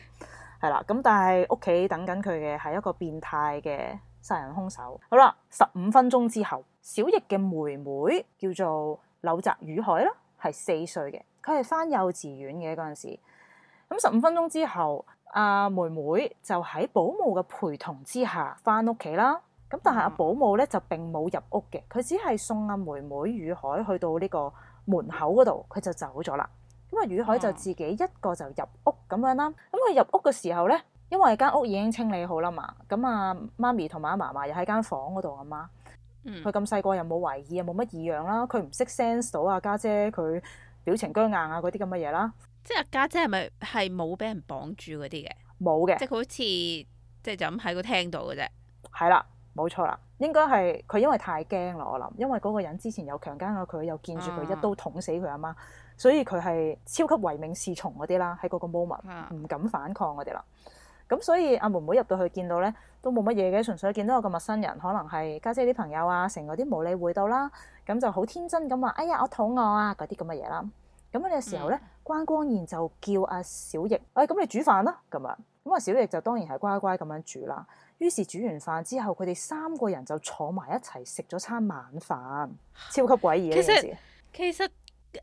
係啦。咁但係屋企等緊佢嘅係一個變態嘅殺人凶手。好啦，十五分鐘之後。小易嘅妹妹叫做柳澤宇海啦，係四歲嘅，佢係翻幼稚園嘅嗰陣時。咁十五分鐘之後，阿妹妹就喺保姆嘅陪同之下翻屋企啦。咁但係阿保姆咧就並冇入屋嘅，佢只係送阿妹妹宇海去到呢個門口嗰度，佢就走咗啦。咁阿宇海就自己一個就入屋咁樣啦。咁佢入屋嘅時候咧，因為間屋已經清理好啦嘛，咁阿媽咪同埋阿嫲嫲又喺間房嗰度，阿媽，媽。佢咁細個又冇懷疑又冇乜異樣啦，佢唔識 sense 到啊家姐佢表情僵硬啊嗰啲咁嘅嘢啦。即係家姐係咪係冇俾人綁住嗰啲嘅？冇嘅，即係好似即係就咁喺個廳度嘅啫。係啦，冇錯啦，應該係佢因為太驚啦，我諗，因為嗰個人之前有強姦過佢，又見住佢，啊、一刀捅死佢阿媽，所以佢係超級唯命是從嗰啲啦，喺嗰個 moment 唔，啊、敢反抗嗰啲啦。咁所以阿妹妹入到去見到咧。都冇乜嘢嘅，純粹見到個陌生人，可能係家姐啲朋友啊，成個啲無理會到啦，咁就好天真咁話：哎呀，我肚餓啊！嗰啲咁嘅嘢啦，咁樣嘅時候咧，嗯、關光彥就叫阿小翼，哎，咁你煮飯啦咁啊！咁啊，小翼就當然係乖乖咁樣煮啦。於是煮完飯之後，佢哋三個人就坐埋一齊食咗餐晚飯，超級詭異嘅件事。其實其實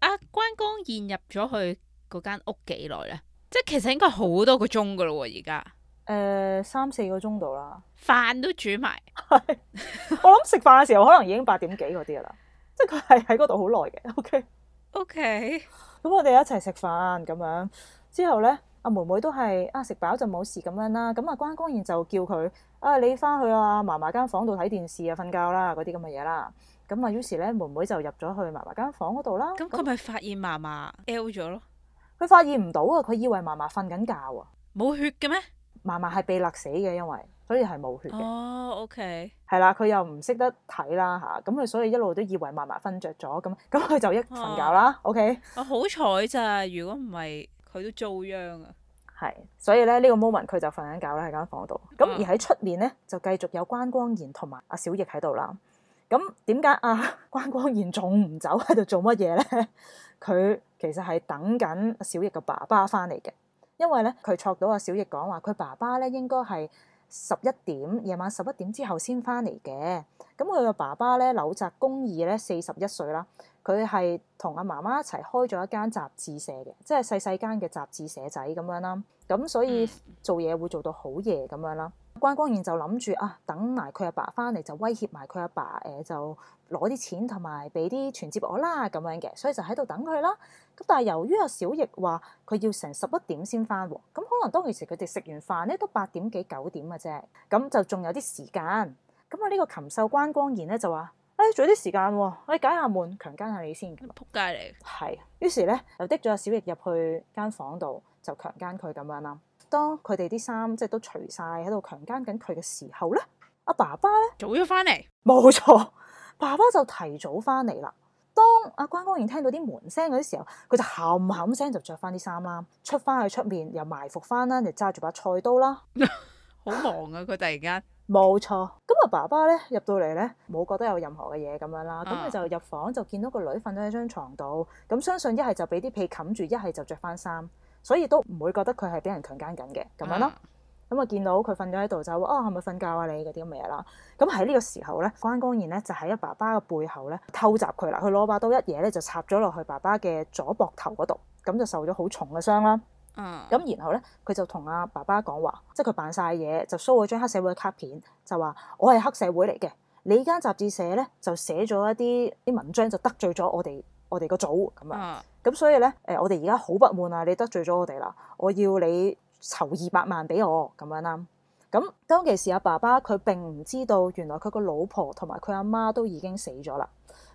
阿關光彥入咗去嗰間屋幾耐咧？即係其實應該好多個鐘噶咯喎！而家。誒、呃，三四個鐘度啦，飯都煮埋。 [LAUGHS] [LAUGHS] 我諗食飯嘅時候可能已經八點幾嗰啲啦， [LAUGHS] 即係佢係喺嗰度好耐嘅。O K，O K，咁我哋一齊食飯咁樣，之後呢，阿妹妹都係啊食飽就冇事咁樣啦。咁啊關光彥就叫佢啊，你翻去啊嫲嫲間房度睇電視啊，瞓覺啦，嗰啲咁嘅嘢啦。咁啊，於是呢，妹妹就入咗去嫲嫲間房嗰度啦。咁佢咪發現嫲嫲 L 咗咯？佢發現唔到啊！佢以為嫲嫲瞓緊覺啊，冇血嘅咩？嫲嫲係被勒死嘅，因為所以係冇血嘅。哦、oh，OK，係啦，佢又唔識得睇啦吓，咁、啊、佢所以一路都以為嫲嫲瞓着咗，咁咁佢就一瞓覺啦。OK，啊好彩咋，如果唔係佢都遭殃啊。係，所以咧、oh. 呢個 moment 佢就瞓緊覺啦喺間房度，咁而喺出面咧就繼續有關光彦同埋阿小易喺度啦。咁點解阿關光彥仲唔走喺度做乜嘢咧？佢 [LAUGHS] 其實係等緊阿小易個爸爸翻嚟嘅。因為咧，佢錯到阿小翼講話，佢爸爸咧應該係十一點夜晚十一點之後先返嚟嘅。咁佢個爸爸咧柳澤公二咧四十一歲啦，佢係同阿媽媽一齊開咗一間雜誌社嘅，即係細細間嘅雜誌社仔咁樣啦。咁所以做嘢會做到好夜咁樣啦。關光彥就諗住啊，等埋佢阿爸翻嚟，就威脅埋佢阿爸，誒、呃、就攞啲錢同埋俾啲存摺我啦咁樣嘅，所以就喺度等佢啦。咁但係由於阿小易話佢要成十一點先翻，咁可能當其時佢哋食完飯咧都八點幾九點嘅啫，咁就仲有啲時間。咁啊呢個禽獸關光彥咧就話，誒、欸、仲有啲時間、啊，我哋解下悶強奸下你先，仆街嚟。係，於是咧就滴咗阿小易入去間房度就強奸佢咁樣啦。當佢哋啲衫，即係都除晒喺度強姦緊佢嘅時候咧，阿爸爸咧早咗翻嚟。冇錯，爸爸就提早翻嚟啦。當阿關光彥聽到啲門聲嗰啲時候，佢就喊喊聲就着翻啲衫啦，出翻去出面又埋伏翻啦，就揸住把菜刀啦，好忙啊！佢突然間冇錯。咁阿爸爸咧入到嚟咧冇覺得有任何嘅嘢咁樣啦，咁佢、啊，就入房就見到個女瞓咗喺張床度，咁相信一係就俾啲被冚住，一係就着翻衫。所以都唔會覺得佢係俾人強姦緊嘅咁樣咯。咁啊、嗯、見到佢瞓咗喺度就話哦，係咪瞓覺啊？你嗰啲咁嘅嘢啦。咁喺呢個時候咧，關光彥咧就喺阿爸爸嘅背後咧偷襲佢啦。佢攞把刀一嘢咧就插咗落去爸爸嘅左膊頭嗰度，咁就受咗好重嘅傷啦。嗯。咁然後咧佢就同阿爸爸講話，即係佢扮晒嘢，就 show 咗張黑社會嘅卡片，就話我係黑社會嚟嘅。你間雜誌社咧就寫咗一啲啲文章就得罪咗我哋。我哋個組咁啊，咁所以咧，誒、呃，我哋而家好不滿啊！你得罪咗我哋啦，我要你籌二百萬俾我咁樣啦。咁當其時阿爸爸佢並唔知道，原來佢個老婆同埋佢阿媽都已經死咗啦。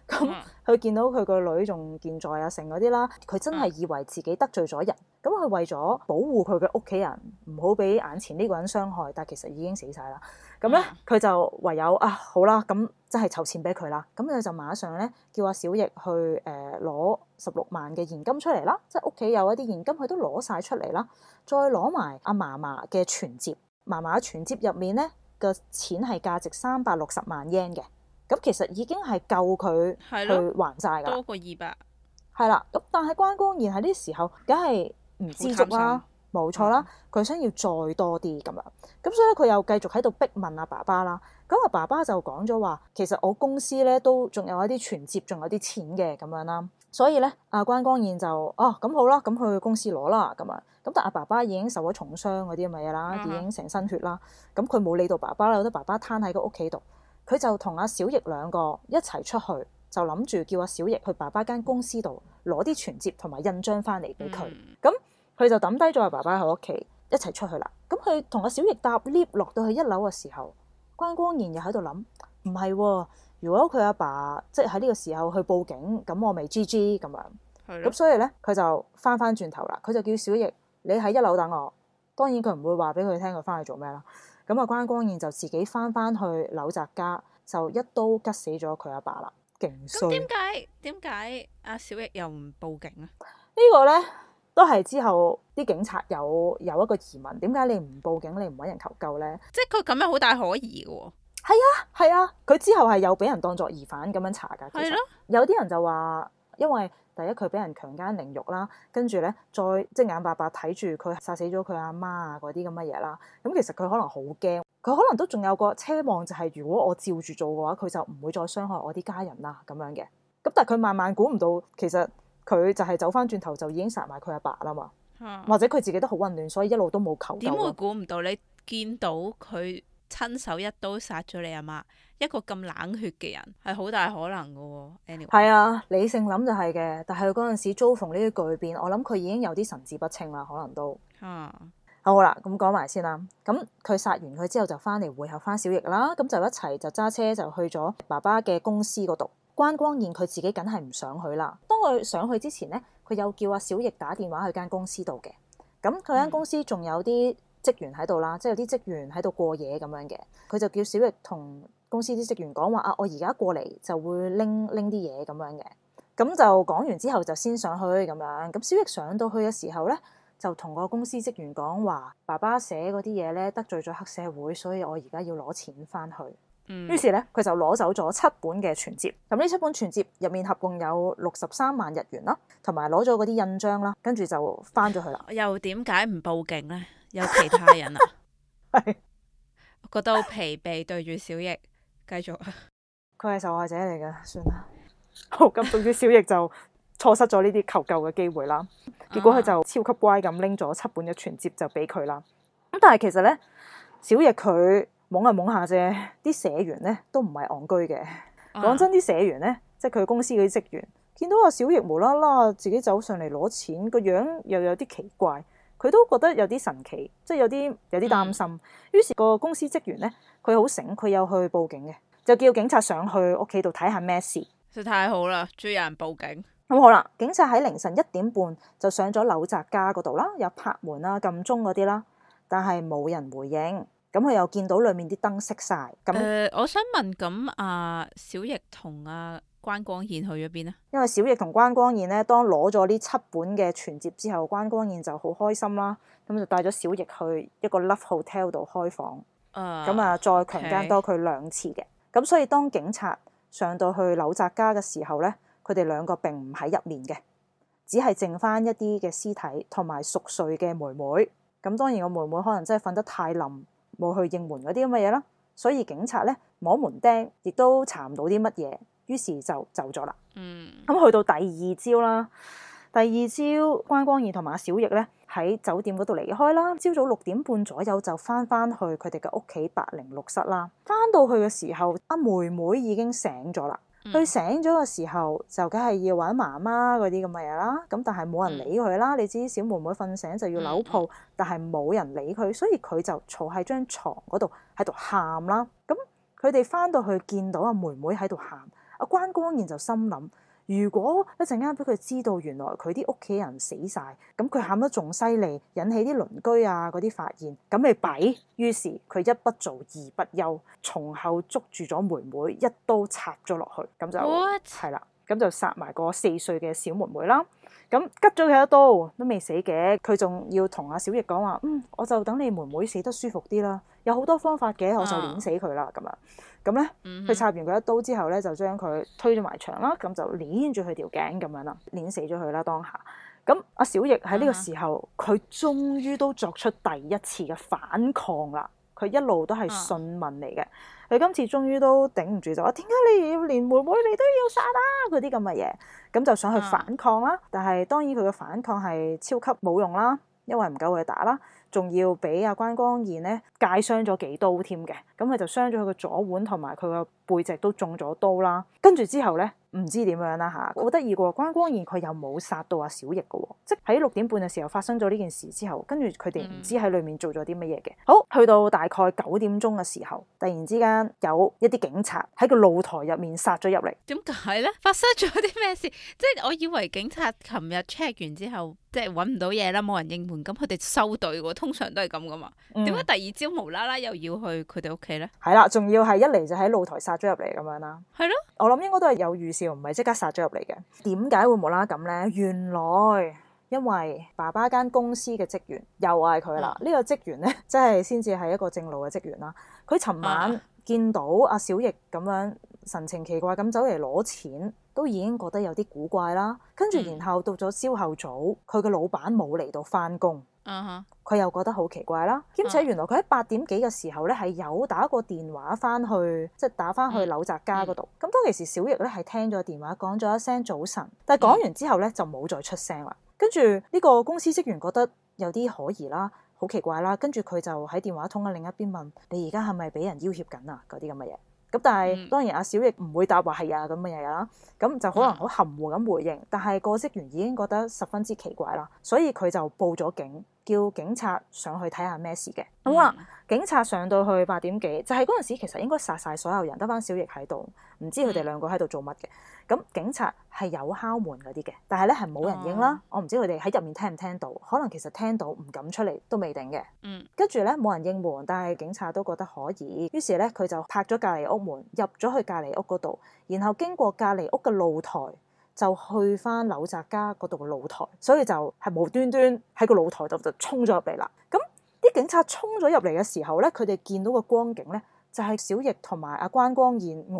咁佢、嗯嗯、見到佢個女仲健在啊，成嗰啲啦，佢真係以為自己得罪咗人，咁佢為咗保護佢嘅屋企人唔好俾眼前呢個人傷害，但其實已經死晒啦。咁咧，佢就唯有啊好啦，咁真係籌錢俾佢啦。咁佢就馬上咧叫阿小易去誒攞十六萬嘅現金出嚟啦，即係屋企有一啲現金，佢都攞晒出嚟啦，再攞埋阿嫲嫲嘅存折，嫲嫲存折入面咧嘅錢係價值三百六十萬日圓嘅。咁其實已經係夠佢去還債㗎，多過二百。係啦，咁但係關光彥喺呢個時候、啊，梗係唔知足啦，冇錯啦，佢、嗯、想要再多啲咁樣。咁所以咧，佢又繼續喺度逼問阿、啊、爸爸啦。咁阿爸爸就講咗話，其實我公司咧都仲有一啲存摺，仲有啲錢嘅咁樣啦。所以咧，阿關光彥就哦咁、啊、好啦，咁去公司攞啦咁啊。咁但阿爸爸已經受咗重傷嗰啲咁嘅嘢啦，嗯、已經成身血啦。咁佢冇理到爸爸啦，覺得爸爸攤喺個屋企度。佢就同阿小易兩個一齊出去，就諗住叫阿小易去爸爸間公司度攞啲存摺同埋印章翻嚟俾佢。咁佢、嗯、就抌低咗阿爸爸喺屋企，一齊出去啦。咁佢同阿小易搭 lift 落到去一樓嘅時候，關光彥又喺度諗：唔係喎，如果佢阿爸即係喺呢個時候去報警，咁我未 G G 咁樣。係咯。咁所以呢，佢就翻翻轉頭啦。佢就叫小易：「你喺一樓等我。」當然佢唔會話俾佢聽佢翻去做咩啦。咁啊，關光彥就自己返返去柳澤家，就一刀吉死咗佢阿爸啦，勁衰。咁點解點解阿小逸又唔報警咧？個呢個咧都係之後啲警察有有一個疑問，點解你唔報警，你唔揾人求救咧？即係佢咁樣好大可疑嘅。係啊係啊，佢、啊、之後係有俾人當作疑犯咁樣查噶。係咯，的其實有啲人就話因為。第一佢俾人強姦凌辱啦，跟住咧再即係眼白白睇住佢殺死咗佢阿媽啊嗰啲咁嘅嘢啦，咁其實佢可能好驚，佢可能都仲有個奢望就係、是、如果我照住做嘅話，佢就唔會再傷害我啲家人啦咁樣嘅。咁但係佢慢慢估唔到，其實佢就係走翻轉頭就已經殺埋佢阿爸啦嘛，嗯、或者佢自己都好混亂，所以一路都冇求救。點會估唔到你見到佢親手一刀殺咗你阿、啊、媽？一個咁冷血嘅人，係好大可能嘅。Annie，y、anyway, 係啊，理性諗就係嘅，但係佢嗰陣時遭逢呢啲巨變，我諗佢已經有啲神志不清啦，可能都。啊、嗯，好啦，咁講埋先啦。咁佢殺完佢之後就翻嚟會合翻小易啦。咁就一齊就揸車就去咗爸爸嘅公司嗰度。關光彥佢自己梗係唔想去啦。當佢上去之前咧，佢又叫阿小易打電話去間公司度嘅。咁佢間公司仲有啲職員喺度啦，嗯、即係有啲職員喺度過夜咁樣嘅。佢就叫小易同。公司啲職員講話啊，我而家過嚟就會拎拎啲嘢咁樣嘅，咁就講完之後就先上去咁樣。咁小翼上到去嘅時候呢，就同個公司職員講話：爸爸寫嗰啲嘢呢，得罪咗黑社會，所以我而家要攞錢翻去。嗯、於是呢，佢就攞走咗七本嘅存折。咁呢七本存折入面合共有六十三萬日元啦，同埋攞咗嗰啲印章啦，跟住就翻咗去啦。又點解唔報警呢？有其他人啊？係 [LAUGHS] 是，我覺得好疲憊對住小翼。繼續啦，佢係受害者嚟嘅，算啦。 [LAUGHS] 好，咁總之小易就錯失咗呢啲求救嘅機會啦。 [LAUGHS] 結果佢就超級乖咁拎咗七本嘅存折就俾佢啦。咁但係其實咧，小易佢懵下懵下啫，啲社員咧都唔係戇居嘅。講 [LAUGHS] 真，啲社員咧，即係佢公司嗰啲職員見到阿小易無啦啦自己走上嚟攞錢個樣，又有啲奇怪。佢都覺得有啲神奇，即係有啲有啲擔心。於、嗯、是、個公司職員咧，佢好醒，佢又去報警嘅，就叫警察上去屋企度睇下咩事。實太好啦，最有人報警。咁好啦，警察喺凌晨一點半就上咗柳澤家嗰度啦，又拍門啦、撳鐘嗰啲啦，但係冇人回應。咁佢又見到裡面啲燈熄晒。咁誒、呃，我想問咁啊，小易同啊。關光彥去咗邊咧？因為小翼同關光彥咧，當攞咗呢七本嘅存折之後，關光彥就好開心啦。咁就帶咗小翼去一個 Love Hotel 度開房，咁啊、uh, 再強姦多佢兩次嘅。咁 Okay. 所以當警察上到去柳澤家嘅時候咧，佢哋兩個並唔喺入面嘅，只係剩翻一啲嘅屍體同埋熟睡嘅妹妹。咁當然個妹妹可能真係瞓得太冧，冇去應門嗰啲咁嘅嘢啦。所以警察咧摸門釘，亦都查唔到啲乜嘢。於是就走咗啦。嗯。咁去到第二朝啦，第二朝關光彥同埋阿小翼咧喺酒店嗰度離開啦。朝早六點半左右就翻翻去佢哋嘅屋企八零六室啦。翻到去嘅時候，阿妹妹已經醒咗啦。佢醒咗嘅時候就梗係要揾媽媽嗰啲咁嘅嘢啦。咁但係冇人理佢啦。你知小妹妹瞓醒就要扭抱，但係冇人理佢，所以佢就坐喺張床嗰度喺度喊啦。咁佢哋翻到去見到阿妹妹喺度喊。阿關光彥就心諗，如果一陣間俾佢知道原來佢啲屋企人死晒，咁佢喊得仲犀利，引起啲鄰居啊嗰啲發現，咁咪弊。於是佢一不做二不休，從後捉住咗妹妹，一刀插咗落去，咁就係啦。What? 咁就殺埋個四歲嘅小妹妹啦。咁㓤咗佢一刀都未死嘅，佢仲要同阿小易講話：嗯，我就等你妹妹死得舒服啲啦。有好多方法嘅，我就捻死佢啦。咁啊，咁咧，佢插完佢一刀之後咧，就將佢推咗埋牆啦。咁就捻住佢條頸咁樣啦，捻死咗佢啦當下。咁阿小易喺呢個時候，佢終於都作出第一次嘅反抗啦。佢一路都係順從嚟嘅。佢今次終於都頂唔住就話：點解你要連妹妹你都要殺啊？嗰啲咁嘅嘢，咁就想去反抗啦。但係當然佢嘅反抗係超級冇用啦，因為唔夠佢打啦，仲要俾阿關光彥咧。介傷咗幾刀添嘅，咁佢就傷咗佢個左腕同埋佢個背脊都中咗刀啦。跟住之後咧，唔知點樣啦嚇。好得意喎，關光，光彥佢又冇殺到阿小易嘅、哦，即係喺六點半嘅時候發生咗呢件事之後，跟住佢哋唔知喺裏面做咗啲乜嘢嘅。嗯、好，去到大概九點鐘嘅時候，突然之間有一啲警察喺個露台入面殺咗入嚟。點解咧？發生咗啲咩事？即係我以為警察琴日 check 完之後，即係揾唔到嘢啦，冇人應門，咁佢哋收隊喎。通常都係咁噶嘛。點解、嗯、第二朝？無啦啦又要去佢哋屋企咧，係啦，仲要係一嚟就喺露台殺咗入嚟咁樣啦，係咯的，我諗應該都係有預兆，唔係即刻殺咗入嚟嘅。點解會無啦咁呢？原來因為爸爸間公司嘅職員又嗌佢啦。呢、嗯、個職員呢，即係先至係一個正路嘅職員啦。佢尋晚見到阿小易咁樣神情奇怪咁走嚟攞錢，都已經覺得有啲古怪啦。跟住然後到咗朝後早，佢嘅、嗯、老闆冇嚟到翻工。嗯哼，佢又覺得好奇怪啦，兼且原來佢喺八點幾嘅時候咧係有打過電話翻去，即係打翻去柳澤家嗰度。咁、嗯、當其時小易咧係聽咗電話講咗一聲早晨，但係講完之後咧就冇再出聲啦。跟住呢個公司職員覺得有啲可疑啦，好奇怪啦。跟住佢就喺電話通嘅另一邊問：你而家係咪俾人要挾緊啊？嗰啲咁嘅嘢。咁但係、嗯、當然阿小易唔會答話係啊咁嘅嘢啦，咁就可能好含糊咁回應。但係個職員已經覺得十分之奇怪啦，所以佢就報咗警。叫警察上去睇下咩事嘅，咁話、嗯、警察上到去八點幾，就係嗰陣時其實應該殺晒所有人，得翻小翼喺度，唔知佢哋兩個喺度做乜嘅。咁警察係有敲門嗰啲嘅，但係咧係冇人應啦。嗯、我唔知佢哋喺入面聽唔聽到，可能其實聽到唔敢出嚟都未定嘅。嗯，跟住咧冇人應門，但係警察都覺得可以，於是咧佢就拍咗隔離屋門，入咗去隔離屋嗰度，然後經過隔離屋嘅露台。就去翻柳澤家嗰度嘅露台，所以就係無端端喺個露台度就衝咗入嚟啦。咁啲警察衝咗入嚟嘅時候呢，佢哋見到個光景呢，就係小易同埋阿關光彥呆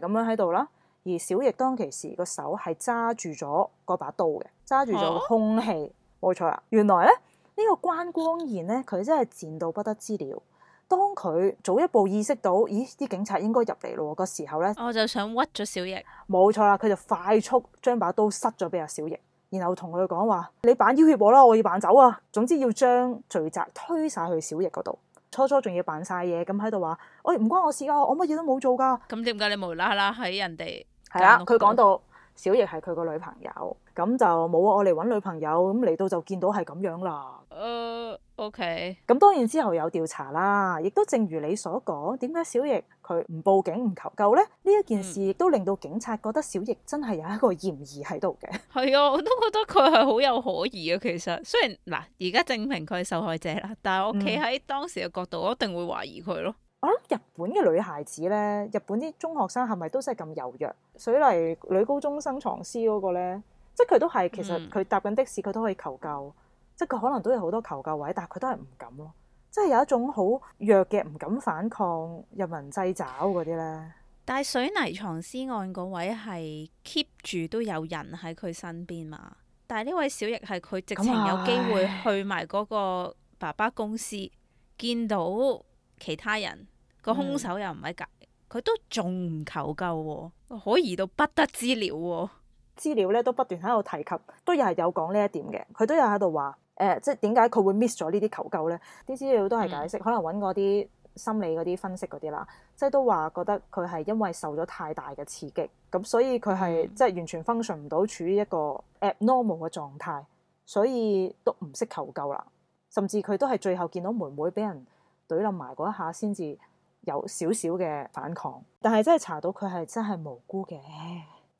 呆咁樣喺度啦。而小易當其時個手係揸住咗嗰把刀嘅，揸住咗兇器，冇、啊、錯啦。原來咧呢、呢個關光彥呢，佢真係賤到不得之了。當佢早一步意識到，咦，啲警察應該入嚟咯嗰時候咧，我就想屈咗小易。冇錯啦，佢就快速將把刀塞咗俾阿小易，然後同佢講話：你扮要挾我啦，我要扮走啊！總之要將罪責推晒去小易嗰度，初初仲要扮晒嘢咁喺度話：哎，唔關我事啊，我乜嘢都冇做噶。咁點解你無啦啦喺人哋？係啦、啊，佢講到。小易係佢個女朋友，咁就冇我嚟揾女朋友，咁嚟到就見到係咁樣啦。誒，uh, OK。咁當然之後有調查啦，亦都正如你所講，點解小易佢唔報警唔求救呢？呢一件事亦都令到警察覺得小易真係有一個嫌疑喺度嘅。係啊，我都覺得佢係好有可疑啊。其實雖然嗱，而家證明佢係受害者啦，但係我企喺當時嘅角度，嗯、我一定會懷疑佢咯。我諗日本嘅女孩子咧，日本啲中學生係咪都真係咁柔弱？水泥女高中生藏屍嗰個咧，即係佢都係其實佢搭緊的士，佢都可以求救，即係佢可能都有好多求救位，但係佢都係唔敢咯，即係有一種好弱嘅，唔敢反抗、人民擠爪任人宰割嗰啲咧。但係水泥藏屍案嗰位係 keep 住都有人喺佢身邊嘛，但係呢位小易係佢直情有機會去埋嗰個爸爸公司見到。其他人個兇、嗯、手又唔喺隔籬，佢都仲唔求救、哦，可疑到不得之了、哦、資料咧都不斷喺度提及，都係有講呢一點嘅。佢都有喺度話誒，即係點解佢會 miss 咗呢啲求救咧？啲資料都係解釋，嗯、可能揾過啲心理嗰啲分析嗰啲啦，即係都話覺得佢係因為受咗太大嘅刺激，咁所以佢係、嗯、即係完全 function 唔到，處於一個 abnormal 嘅狀態，所以都唔識求救啦。甚至佢都係最後見到妹妹俾人懟冧埋嗰一下先至有少少嘅反抗，但係真係查到佢係真係無辜嘅，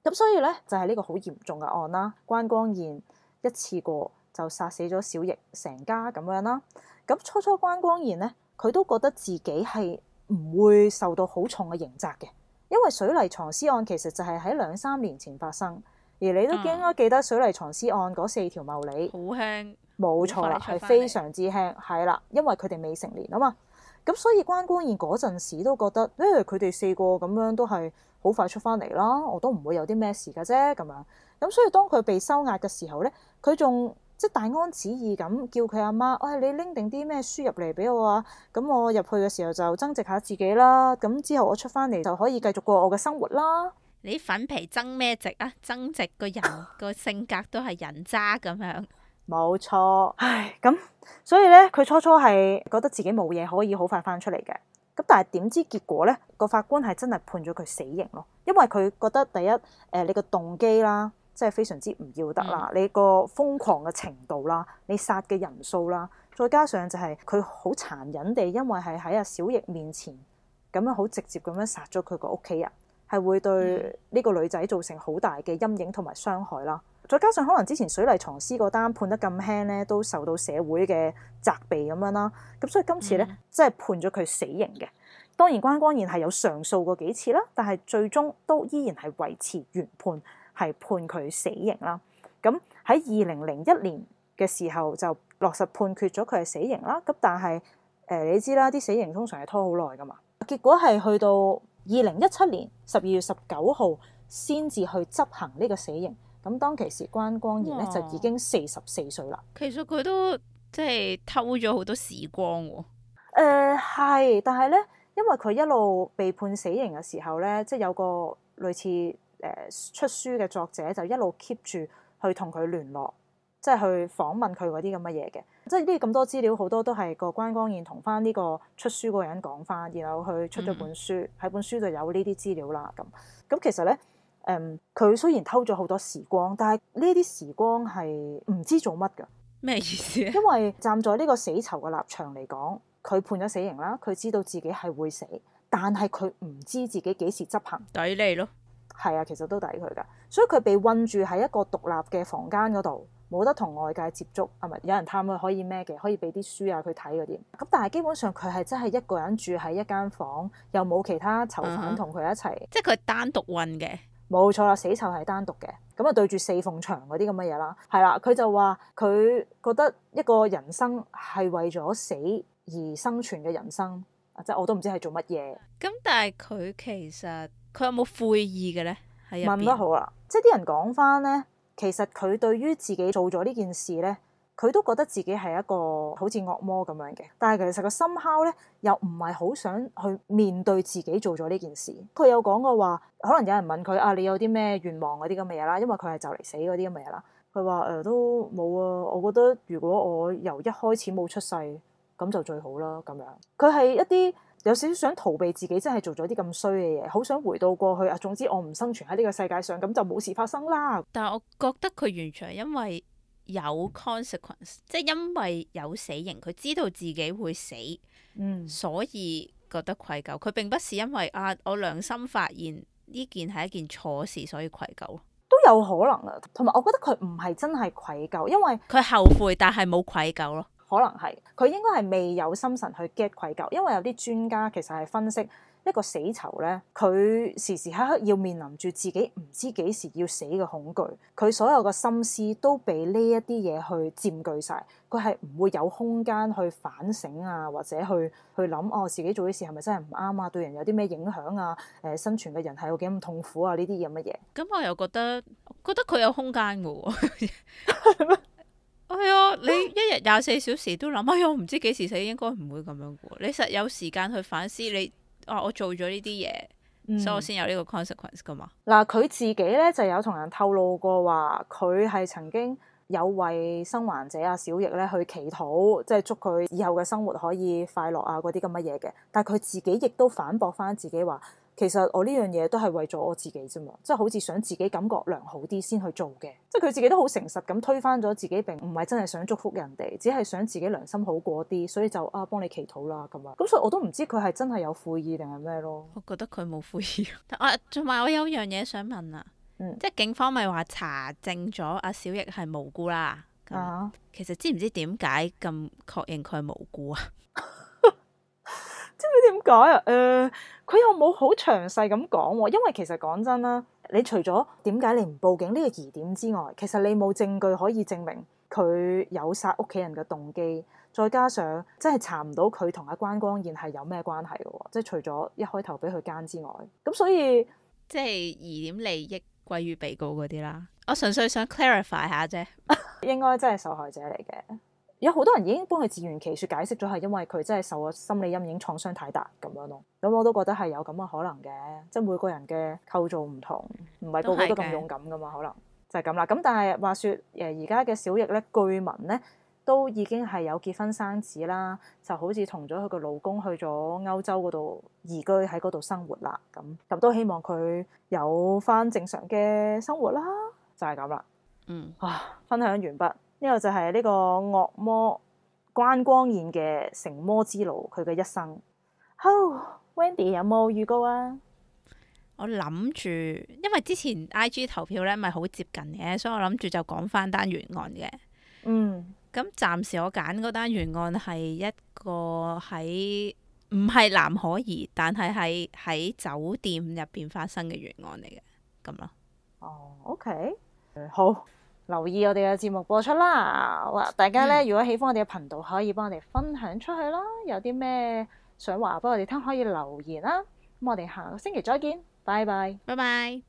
咁所以呢，就係、是、呢個好嚴重嘅案啦。關光彥一次過就殺死咗小易成家咁樣啦。咁初初關光彥呢，佢都覺得自己係唔會受到好重嘅刑責嘅，因為水泥藏屍案其實就係喺兩三年前發生。而你都應該記得水泥藏屍案嗰四條茂利。好輕、嗯，冇錯啦，係非常之輕，係啦，因為佢哋未成年啊嘛。咁所以關光彥嗰陣時都覺得，因佢哋四個咁樣都係好快出翻嚟啦，我都唔會有啲咩事㗎啫。咁樣咁所以當佢被收押嘅時候咧，佢仲即係大安旨意咁叫佢阿媽，媽，喂、哎，你拎定啲咩書入嚟俾我啊？咁我入去嘅時候就增值下自己啦。咁之後我出翻嚟就可以繼續過我嘅生活啦。你粉皮增咩值啊？增值個人個性格都係人渣咁樣，冇錯。唉，咁所以咧，佢初初係覺得自己冇嘢可以好快返出嚟嘅。咁但係點知結果咧，個法官係真係判咗佢死刑咯。因為佢覺得第一，誒、呃，你個動機啦，即係非常之唔要得啦。嗯、你個瘋狂嘅程度啦，你殺嘅人數啦，再加上就係佢好殘忍地，因為係喺阿小易面前咁樣好直接咁樣殺咗佢個屋企人。係會對呢個女仔造成好大嘅陰影同埋傷害啦。再加上可能之前水泥藏屍嗰單判得咁輕咧，都受到社會嘅責備咁樣啦。咁所以今次咧，即係、嗯、判咗佢死刑嘅。當然關光彥係有上訴過幾次啦，但係最終都依然係維持原判，係判佢死刑啦。咁喺二零零一年嘅時候就落實判決咗佢係死刑啦。咁但係誒、呃、你知啦，啲死刑通常係拖好耐噶嘛。結果係去到，二零一七年十二月十九號先至去執行呢個死刑。咁當其時關光彥咧哇就已經四十四歲啦。其實佢都即係偷咗好多時光喎、哦。誒係、呃，但係咧，因為佢一路被判死刑嘅時候咧，即、就、係、是、有個類似誒、呃、出書嘅作者就一路 keep 住去同佢聯絡，即、就、係、是、去訪問佢嗰啲咁嘅嘢嘅。即係呢咁多資料，好多都係個關光彥同返呢個出書個人講返，然後佢出咗本書，喺本、嗯、書就有呢啲資料啦。咁咁其實咧，誒、嗯、佢雖然偷咗好多時光，但係呢啲時光係唔知做乜㗎。咩意思？因為站在呢個死囚嘅立場嚟講，佢判咗死刑啦，佢知道自己係會死，但係佢唔知自己幾時執行，抵你咯。係啊，其實都抵佢噶，所以佢被韞住喺一個獨立嘅房間嗰度。冇得同外界接觸。啊唔係有人探佢可以咩嘅，可以俾啲書啊佢睇嗰啲。咁但係基本上佢係真係一個人住喺一間房，又冇其他囚犯同佢一齊，嗯，即係佢單獨運嘅。冇錯啦，死囚係單獨嘅。咁啊對住四幅牆嗰啲咁嘅嘢啦，係、嗯、啦，佢就話佢覺得一個人生係為咗死而生存嘅人生，即係我都唔知係做乜嘢。咁但係佢其實佢有冇悔意嘅咧？問得好啦，即係啲人講翻咧。其實佢對於自己做咗呢件事呢，佢都覺得自己係一個好似惡魔咁樣嘅，但係其實個心口呢，又唔係好想去面對自己做咗呢件事。佢有講過話，可能有人問佢啊，你有啲咩願望嗰啲咁嘅嘢啦，因為佢係就嚟死嗰啲咁嘅嘢啦。佢話誒都冇啊，我覺得如果我由一開始冇出世咁就最好啦，咁樣。佢係一啲。有少少想逃避自己，真係做咗啲咁衰嘅嘢，好想回到過去啊！總之我唔生存喺呢個世界上，咁就冇事發生啦。但係我覺得佢完全係因為有 consequence，即係因為有死刑，佢知道自己會死，嗯，所以覺得愧疚。佢並不是因為啊，我良心發現呢件係一件錯事，所以愧疚。都有可能啊。同埋我覺得佢唔係真係愧疚，因為佢後悔，但係冇愧疚咯。可能係佢應該係未有心神去 get 愧疚，因為有啲專家其實係分析一個死囚咧，佢時時刻刻要面臨住自己唔知幾時要死嘅恐懼，佢所有嘅心思都俾呢一啲嘢去佔據晒，佢係唔會有空間去反省啊，或者去去諗哦，自己做啲事係咪真係唔啱啊？對人有啲咩影響啊？誒、呃，生存嘅人係有幾咁痛苦啊？呢啲嘢乜嘢？咁我又覺得覺得佢有空間嘅喎 [LAUGHS] [LAUGHS] 係啊、哎！你一日廿四小時都諗啊、哎！我唔知幾時死，應該唔會咁樣嘅。你實有時間去反思你啊！我做咗呢啲嘢，嗯、所以我先有呢個 consequence 嘅嘛。嗱，佢自己咧就有同人透露過話，佢係曾經有為生還者阿小易咧去祈禱，即係祝佢以後嘅生活可以快樂啊，嗰啲咁乜嘢嘅。但係佢自己亦都反駁翻自己話。其實我呢樣嘢都係為咗我自己啫嘛，即係好似想自己感覺良好啲先去做嘅，即係佢自己都好誠實咁推翻咗自己，並唔係真係想祝福人哋，只係想自己良心好過啲，所以就啊幫你祈禱啦咁啊。咁所以我都唔知佢係真係有悔意定係咩咯。我覺得佢冇悔意。同 [LAUGHS] 埋我有一樣嘢想問啊，即係、嗯、警方咪話查證咗阿小易係無辜啦？啊，其實知唔知點解咁確認佢係無辜啊？ [LAUGHS] 知唔知點解啊？誒、呃。佢又冇好詳細咁講喎，因為其實講真啦，你除咗點解你唔報警呢個疑點之外，其實你冇證據可以證明佢有殺屋企人嘅動機，再加上真係查唔到佢同阿關光彥係有咩關係嘅喎，即係除咗一開頭俾佢奸之外，咁所以即係疑點利益歸於被告嗰啲啦。我純粹想 clarify 下啫， [LAUGHS] 應該真係受害者嚟嘅。有好多人已經幫佢自圓其説解釋咗，係因為佢真係受咗心理陰影創傷太大咁樣咯。咁我都覺得係有咁嘅可能嘅，即係每個人嘅構造唔同，唔係個個都咁勇敢噶嘛，可能就係咁啦。咁但係話説，誒，而家嘅小易咧，居民咧都已經係有結婚生子啦，就好似同咗佢個老公去咗歐洲嗰度移居喺嗰度生活啦。咁咁都希望佢有翻正常嘅生活啦，就係咁啦。嗯，哇、啊，分享完畢。呢個就係呢個惡魔關光彥嘅成魔之路，佢嘅一生。Oh, Wendy 有冇預告啊？我諗住，因為之前 IG 投票咧咪好接近嘅，所以我諗住就講翻單懸案嘅。嗯，咁暫時我揀嗰單懸案係一個喺唔係藍可兒，但係係喺酒店入邊發生嘅懸案嚟嘅，咁咯。哦，oh，OK，嗯，好。留意我哋嘅節目播出啦！大家咧，如果喜歡我哋嘅頻道，可以幫我哋分享出去啦。有啲咩想話俾我哋聽，可以留言啦。咁我哋下個星期再見，拜拜，拜拜。